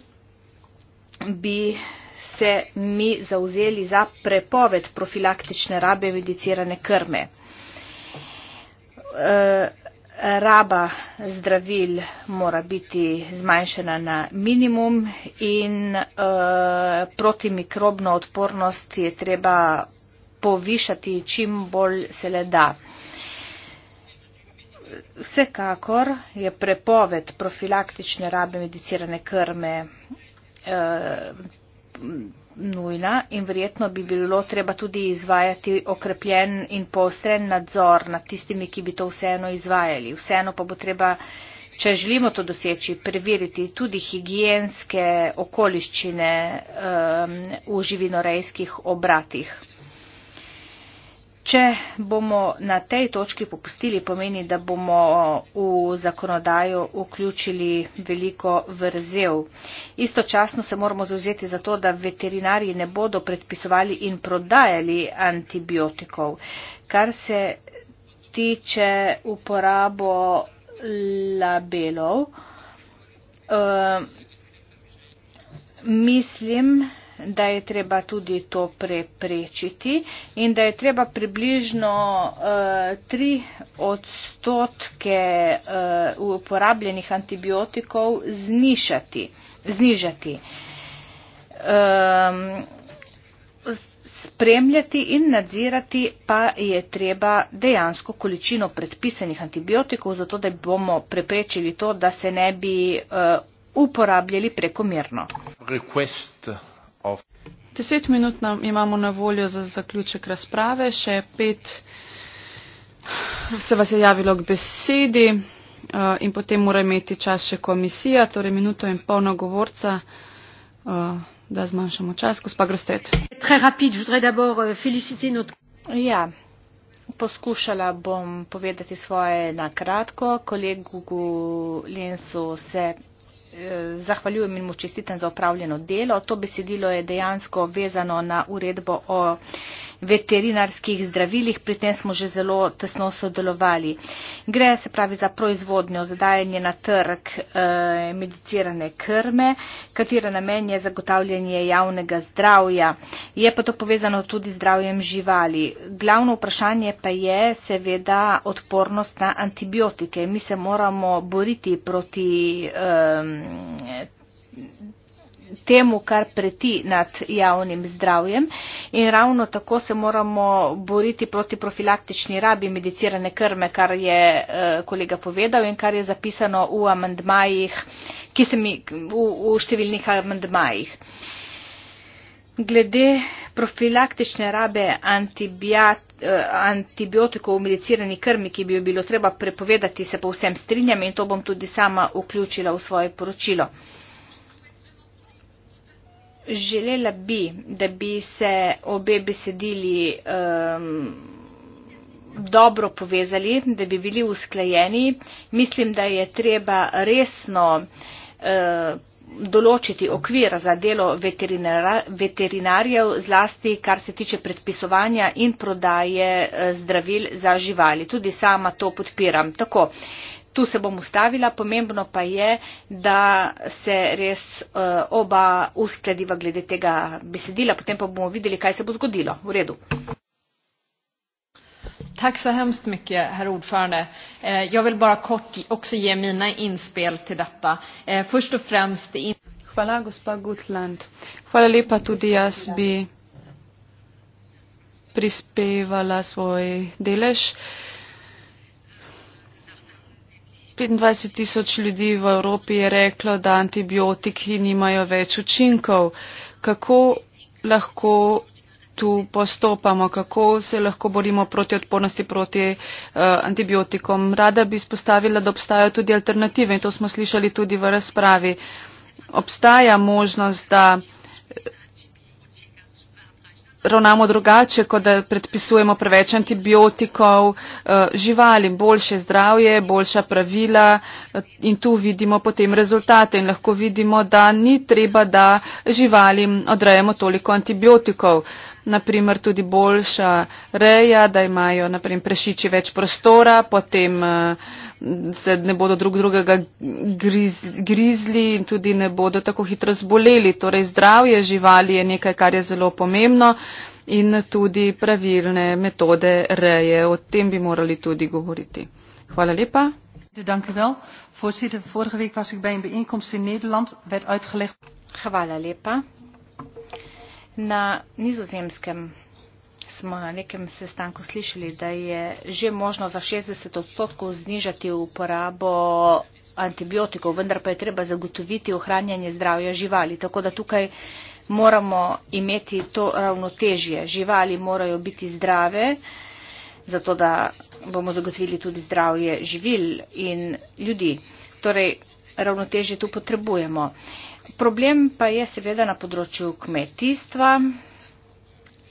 bi se mi zauzeli za prepoved profilaktične rabe medicirane krme. E, raba zdravil mora biti zmanjšana na minimum in e, protimikrobno odpornost je treba povišati čim bolj se le da. Vsekakor je prepoved profilaktične rabe medicirane krme Eh, nujna in verjetno bi bilo treba tudi izvajati okrepljen in postren nadzor nad tistimi, ki bi to vseeno izvajali. Vseeno pa bo treba, če želimo to doseči, preveriti tudi higijenske okoliščine um, v živinorejskih obratih. Če bomo na tej točki popustili, pomeni, da bomo v zakonodajo vključili veliko vrzel. Istočasno se moramo zauzeti za to, da veterinari ne bodo predpisovali in prodajali antibiotikov. Kar se tiče uporabo labelov, uh, mislim, da je treba tudi to preprečiti in da je treba približno eh, tri uh, odstotke uh, uporabljenih antibiotikov znišati, znižati, um, spremljati in nadzirati, pa je treba dejansko količino predpisanih antibiotikov, zato da bomo preprečili to, da se ne bi uh, uporabljali prekomerno. Request. Deset minut nam imamo na voljo za zaključek razprave, še pet se vas je javilo k besedi uh, in potem mora imeti čas še komisija, torej minuto in pol na govorca. Uh, da zmanjšamo čas, gospa Grostet. Euh, ja, poskušala bom povedati svoje na kratko. Kolegu Lensu se zahvaljujem in mu čestitam za opravljeno delo. To besedilo je dejansko vezano na uredbo o veterinarskih zdravilih, pri tem smo že zelo tesno sodelovali. Gre se pravi za proizvodnjo, za dajanje na trg e, medicirane krme, katera namen je zagotavljanje javnega zdravja. Je pa to povezano tudi z zdravjem živali. Glavno vprašanje pa je seveda odpornost na antibiotike. Mi se moramo boriti proti. E, temu, kar preti nad javnim zdravjem in ravno tako se moramo boriti proti profilaktični rabi medicirane krme, kar je eh, kolega povedal in kar je zapisano v, ki se mi, v, v številnih amandmajih. Glede profilaktične rabe antibiat, eh, antibiotikov v medicirani krmi, ki bi jo bilo treba prepovedati, se povsem strinjam in to bom tudi sama vključila v svoje poročilo. Želela bi, da bi se obe besedili um, dobro povezali, da bi bili usklajeni. Mislim, da je treba resno uh, določiti okvir za delo veterinarjev, zlasti kar se tiče predpisovanja in prodaje uh, zdravil za živali. Tudi sama to podpiram. Tako, Tu se bom ustavila, pomembno pa je, da se res uh, oba uskladiva glede tega besedila, potem pa bomo videli, kaj se bo zgodilo. V redu. Tack så hemskt mycket, herr ordförande. Eh, jag vill bara kort också ge mina inspel till detta. Eh, först och främst... In... Hvala, gospa Gutland. Hvala lepa tudi jaz bi prispevala svoj delež. Eh, petindvajset tisoč ljudi v Evropi je reklo, da antibiotiki nimajo več učinkov. Kako lahko tu postopamo, kako se lahko borimo proti odpornosti proti uh, antibiotikom? Rada bi spostavila, da obstajajo tudi alternative in to smo slišali tudi v razpravi. Obstaja možnost, da ravnamo drugače, kot da predpisujemo preveč antibiotikov eh, živalim. Boljše zdravje, boljša pravila eh, in tu vidimo potem rezultate in lahko vidimo, da ni treba, da živalim odrejemo toliko antibiotikov naprimer tudi boljša reja, da imajo naprimer prešiči več prostora, potem eh, se ne bodo drug drugega griz, grizli in tudi ne bodo tako hitro zboleli. Torej zdravje živali je nekaj, kar je zelo pomembno in tudi pravilne metode reje. O tem bi morali tudi govoriti. Hvala lepa. Voorzitter, vorige week was ik bij een bijeenkomst in Nederland. Werd uitgelegd. Hvala lepa. Na nizozemskem smo na nekem sestanku slišali, da je že možno za 60 odstotkov znižati uporabo antibiotikov, vendar pa je treba zagotoviti ohranjanje zdravja živali. Tako da tukaj moramo imeti to ravnotežje. Živali morajo biti zdrave, zato da bomo zagotovili tudi zdravje živil in ljudi. Torej, ravnotežje tu potrebujemo. Uh, Problem pa je seveda na področju kmetijstva.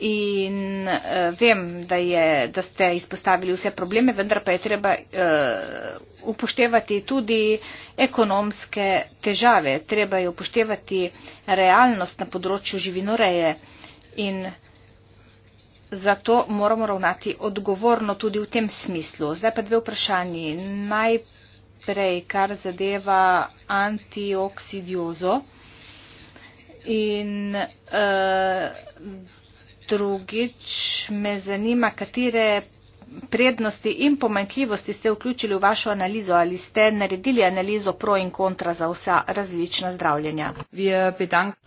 In eh, vem, da, je, da ste izpostavili vse probleme, vendar pa je treba eh, upoštevati tudi ekonomske težave. Treba je upoštevati realnost na področju živinoreje in zato moramo ravnati odgovorno tudi v tem smislu. Zdaj pa dve vprašanji. Najprej prej, kar zadeva antioksidiozo in uh, drugič me zanima, katere prednosti in pomankljivosti ste vključili v vašo analizo ali ste naredili analizo pro in kontra za vsa različna zdravljenja.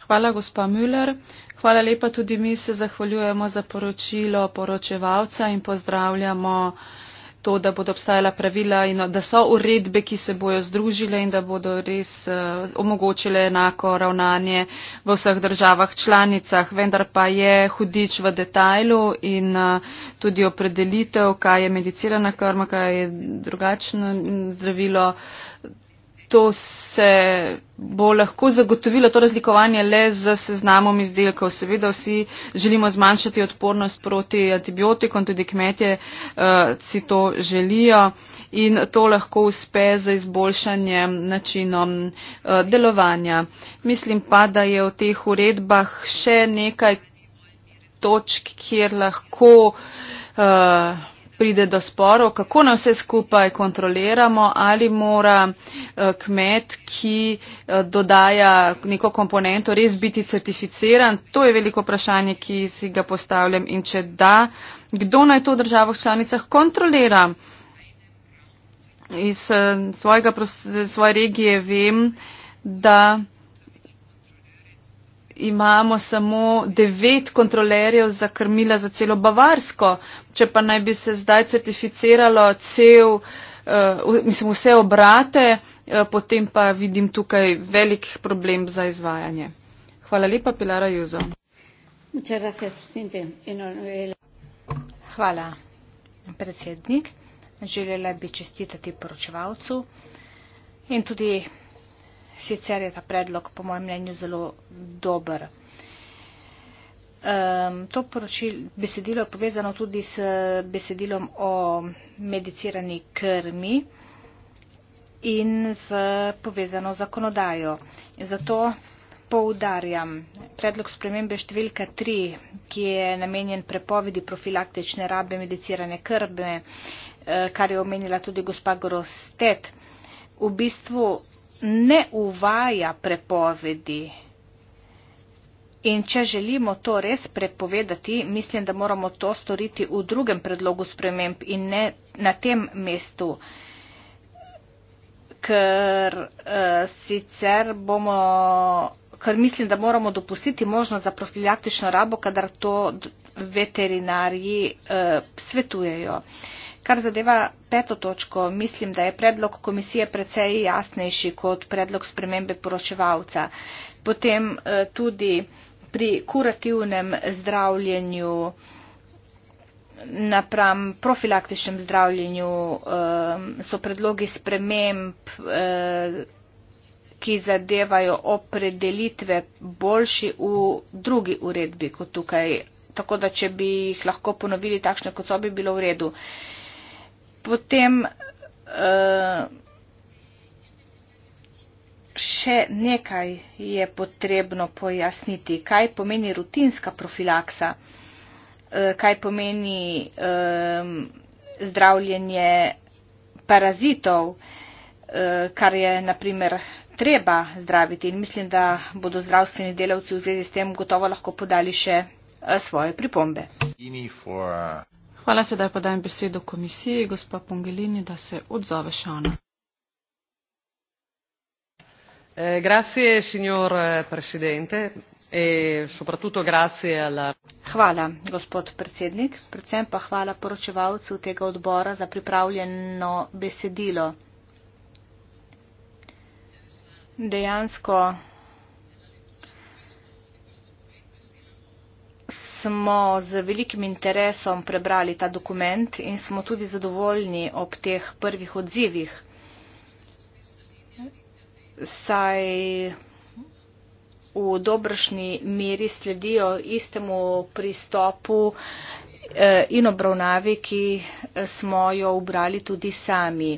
Hvala, gospa Müller. Hvala lepa tudi mi se zahvaljujemo za poročilo poročevalca in pozdravljamo uh, to, da bodo obstajala pravila in da so uredbe, ki se bojo združile in da bodo res eh, omogočile enako ravnanje v vseh državah članicah. Vendar pa je hudič v detajlu in eh, tudi opredelitev, kaj je medicirana krma, kaj je drugačno zdravilo to se bo lahko zagotovilo to razlikovanje le z seznamom izdelkov. Seveda vsi želimo zmanjšati odpornost proti antibiotikom, tudi kmetje uh, si to želijo in to lahko uspe z izboljšanjem načinom uh, delovanja. Mislim pa, da je v teh uredbah še nekaj točk, kjer lahko uh, pride do sporov, kako ne vse skupaj kontroliramo, ali mora eh, kmet, ki eh, dodaja neko komponento, res biti certificiran. To je veliko vprašanje, ki si ga postavljam in če da, kdo naj to v državah članicah kontrolira. Iz eh, svojega, svoje regije vem, da imamo samo devet kontrolerjev za krmila za celo Bavarsko, če pa naj bi se zdaj certificiralo cel, uh, mislim, vse obrate, uh, potem pa vidim tukaj velik problem za izvajanje. Hvala lepa, Pilara Juzo. Hvala, predsednik. Želela bi čestitati poročevalcu in tudi sicer je ta predlog po mojem mnenju zelo dober. Um, to poročil, besedilo je povezano tudi s besedilom o medicirani krmi in z povezano zakonodajo. Zato poudarjam predlog spremembe številka 3, ki je namenjen prepovedi profilaktične rabe medicirane krme, eh, kar je omenila tudi gospa Grostet. V bistvu ne uvaja prepovedi. In če želimo to res prepovedati, mislim, da moramo to storiti v drugem predlogu sprememb in ne na tem mestu, ker uh, sicer bomo ker mislim, da moramo dopustiti možnost za profilaktično rabo, kadar to veterinarji eh, svetujejo. Eh, Kar zadeva peto točko, mislim, da je predlog komisije precej jasnejši kot predlog spremembe poročevalca. Potem eh, tudi pri kurativnem zdravljenju napram profilaktičnem zdravljenju eh, so predlogi sprememb, eh, ki zadevajo opredelitve boljši v drugi uredbi kot tukaj. Tako da, če bi jih lahko ponovili takšne, kot so bi bilo v redu potem eh, še nekaj je potrebno pojasniti. Kaj pomeni rutinska profilaksa? Eh, kaj pomeni eh, zdravljenje parazitov, kar je naprimer treba zdraviti in mislim, da bodo zdravstveni delavci v zvezi s tem gotovo lahko podali še svoje pripombe. Hvala, sedaj pa dajem besedo komisiji, gospa Pongelini, da se odzove Šana. Eh, eh, e hvala, gospod predsednik, predvsem pa hvala poročevalcu tega odbora za pripravljeno besedilo. Dejansko smo z velikim interesom prebrali ta dokument in smo tudi zadovoljni ob teh prvih odzivih. Saj v dobrošni meri sledijo istemu pristopu eh, in obravnavi, ki eh, smo jo obrali tudi sami.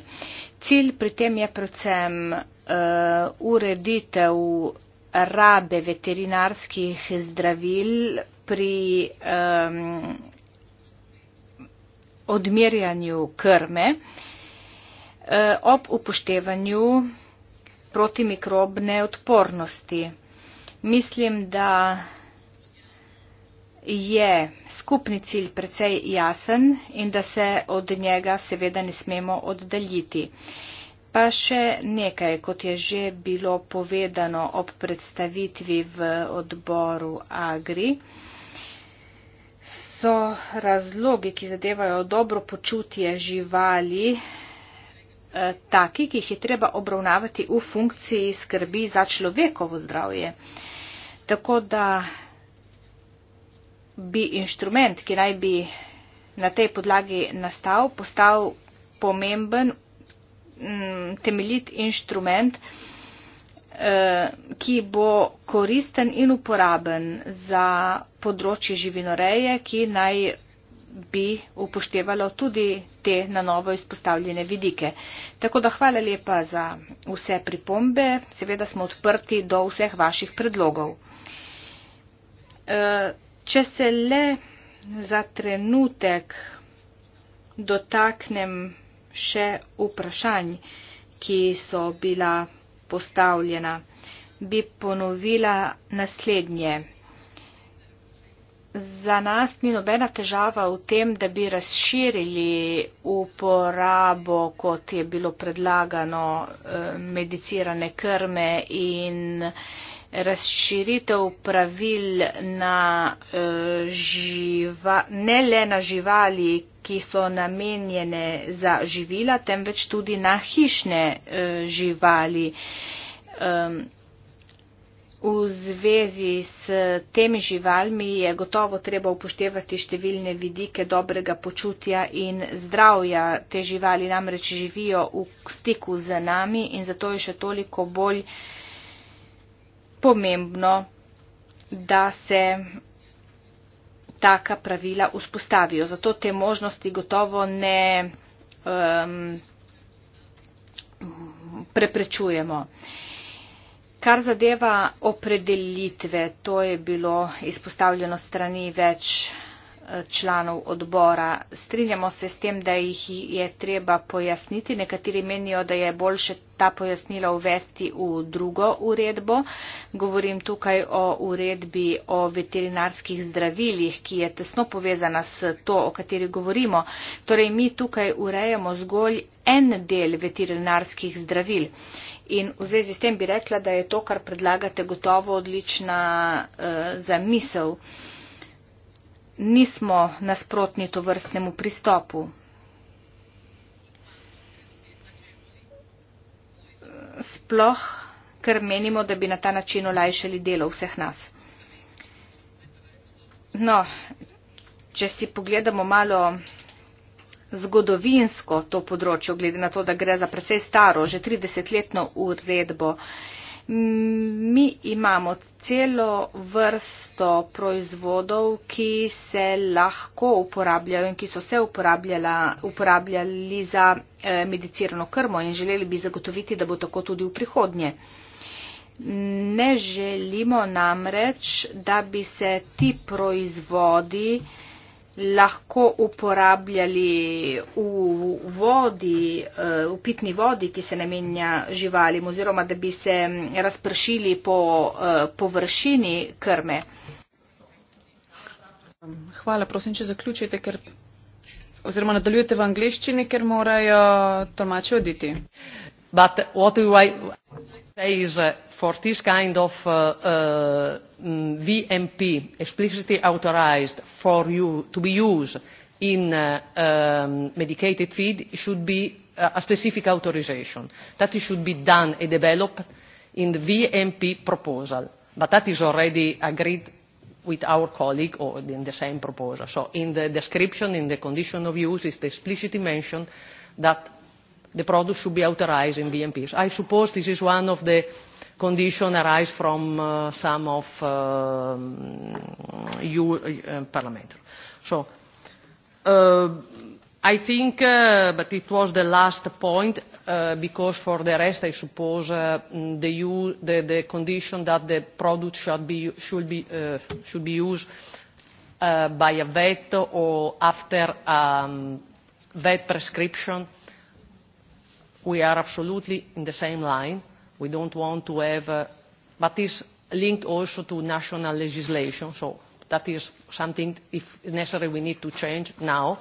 Cilj pri tem je predvsem eh, ureditev rabe veterinarskih zdravil pri um, odmerjanju krme eh, ob upoštevanju protimikrobne odpornosti. Mislim, da je skupni cilj precej jasen in da se od njega seveda ne smemo oddaljiti. Pa še nekaj, kot je že bilo povedano ob predstavitvi v odboru Agri. Um, so razlogi, ki zadevajo dobro počutje živali, eh, taki, ki jih je treba obravnavati v funkciji skrbi za človekovo zdravje. Tako da bi inštrument, ki naj bi na tej podlagi nastal, postal pomemben, mm, temeljit inštrument, Eh, ki bo koristen in uporaben za področje živinoreje, ki naj bi upoštevalo tudi te na novo izpostavljene vidike. Tako da hvala lepa za vse pripombe. Seveda smo odprti do vseh vaših predlogov. Eh, če se le za trenutek dotaknem še vprašanj, ki so bila izpostavljena, bi ponovila naslednje. Za nas ni nobena težava v tem, da bi razširili uporabo, kot je bilo predlagano, eh, medicirane krme in razširitev pravil na, eh, živa, ne le na živali, ki so namenjene za živila, temveč tudi na hišne eh, živali. Ehm, v zvezi s temi živalmi je gotovo treba upoštevati številne vidike dobrega počutja in zdravja. Te živali namreč živijo v stiku z nami in zato je še toliko bolj eh, pomembno, da se taka pravila vzpostavijo. Zato te možnosti gotovo ne um, preprečujemo. Kar zadeva opredelitve, to je bilo izpostavljeno strani več članov odbora. Strinjamo se s tem, da jih je treba pojasniti. Nekateri menijo, da je boljše ta pojasnila uvesti v drugo uredbo. Govorim tukaj o uredbi o veterinarskih zdravilih, ki je tesno povezana s to, o kateri govorimo. Torej, mi tukaj urejamo zgolj en del veterinarskih zdravil. In v zvezi s tem bi rekla, da je to, kar predlagate, gotovo odlična uh, zamisel nismo nasprotni to vrstnemu pristopu. Sploh, ker menimo, da bi na ta način olajšali delo vseh nas. No, če si pogledamo malo zgodovinsko to področje, glede na to, da gre za precej staro, že 30-letno uredbo, mi imamo celo vrsto proizvodov, ki se lahko uporabljajo in ki so se uporabljali za eh, medicirano krmo in želeli bi zagotoviti, da bo tako tudi v prihodnje. Ne želimo namreč, da bi se ti proizvodi eh, lahko uporabljali v, vodi, eh, v pitni vodi, ki se namenja živalim, oziroma da bi se mm, razpršili po eh, površini krme. Hvala, prosim, če zaključite, ker, oziroma nadaljujete v angliščini, ker morajo tolmači oditi. But what do I today is eh, eh, eh, mm, for this kind of vmp explicitly authorised to be used in ehm, medicated feed should be a specific authorisation. that should be done and developed in the vmp proposal but that is already agreed with our colleague or in the same proposal. so in the description in the condition of use it is explicitly mentioned the product should be authorised in VMPs. I suppose this is one of the conditions arising from uh, some of uh, you uh, parliamentary. So, uh, I think, uh, but it was the last point, uh, because for the rest, I suppose uh, the, U, the, the condition that the product should be, should be, uh, should be used uh, by a vet or after a um, vet prescription we are absolutely in the same line. We don't want to have, uh, but this linked also to national legislation. So that is something, if necessary, we need to change now.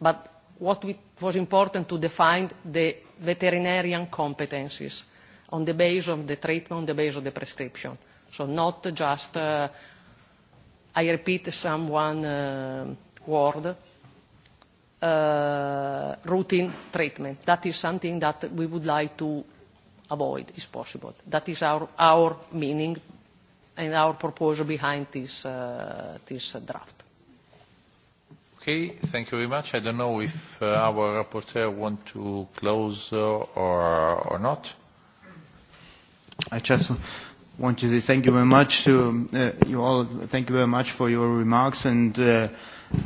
But what we, was important to define the veterinarian competencies on the basis of the treatment, on the basis of the prescription. So not just, uh, I repeat someone uh, word, uh, uh, routine treatment. That is something that we would like to avoid, if possible. That is our, our meaning and our proposal behind this, uh, this draft. Okay, thank you very much. I don't know if uh, our rapporteur want to close uh, or, or not. I just want to say thank you very much to uh, you all. Thank you very much for your remarks. And uh,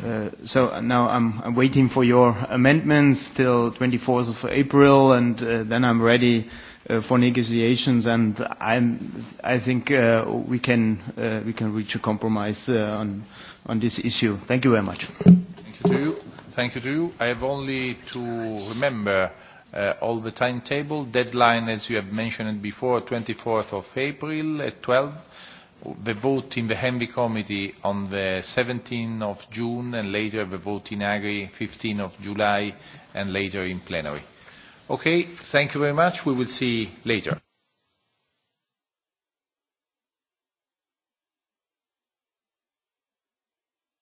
uh, so now I'm, I'm waiting for your amendments till 24th of April, and uh, then I'm ready uh, for negotiations. And I'm, I think uh, we can uh, we can reach a compromise uh, on on this issue. Thank you very much. Thank you to you. Thank you to you. I have only to remember. Uh, all the timetable. Deadline, as you have mentioned before, 24th of April at 12. The vote in the Henry Committee on the 17th of June and later the vote in Agri 15th of July and later in plenary. Okay, thank you very much. We will see you later.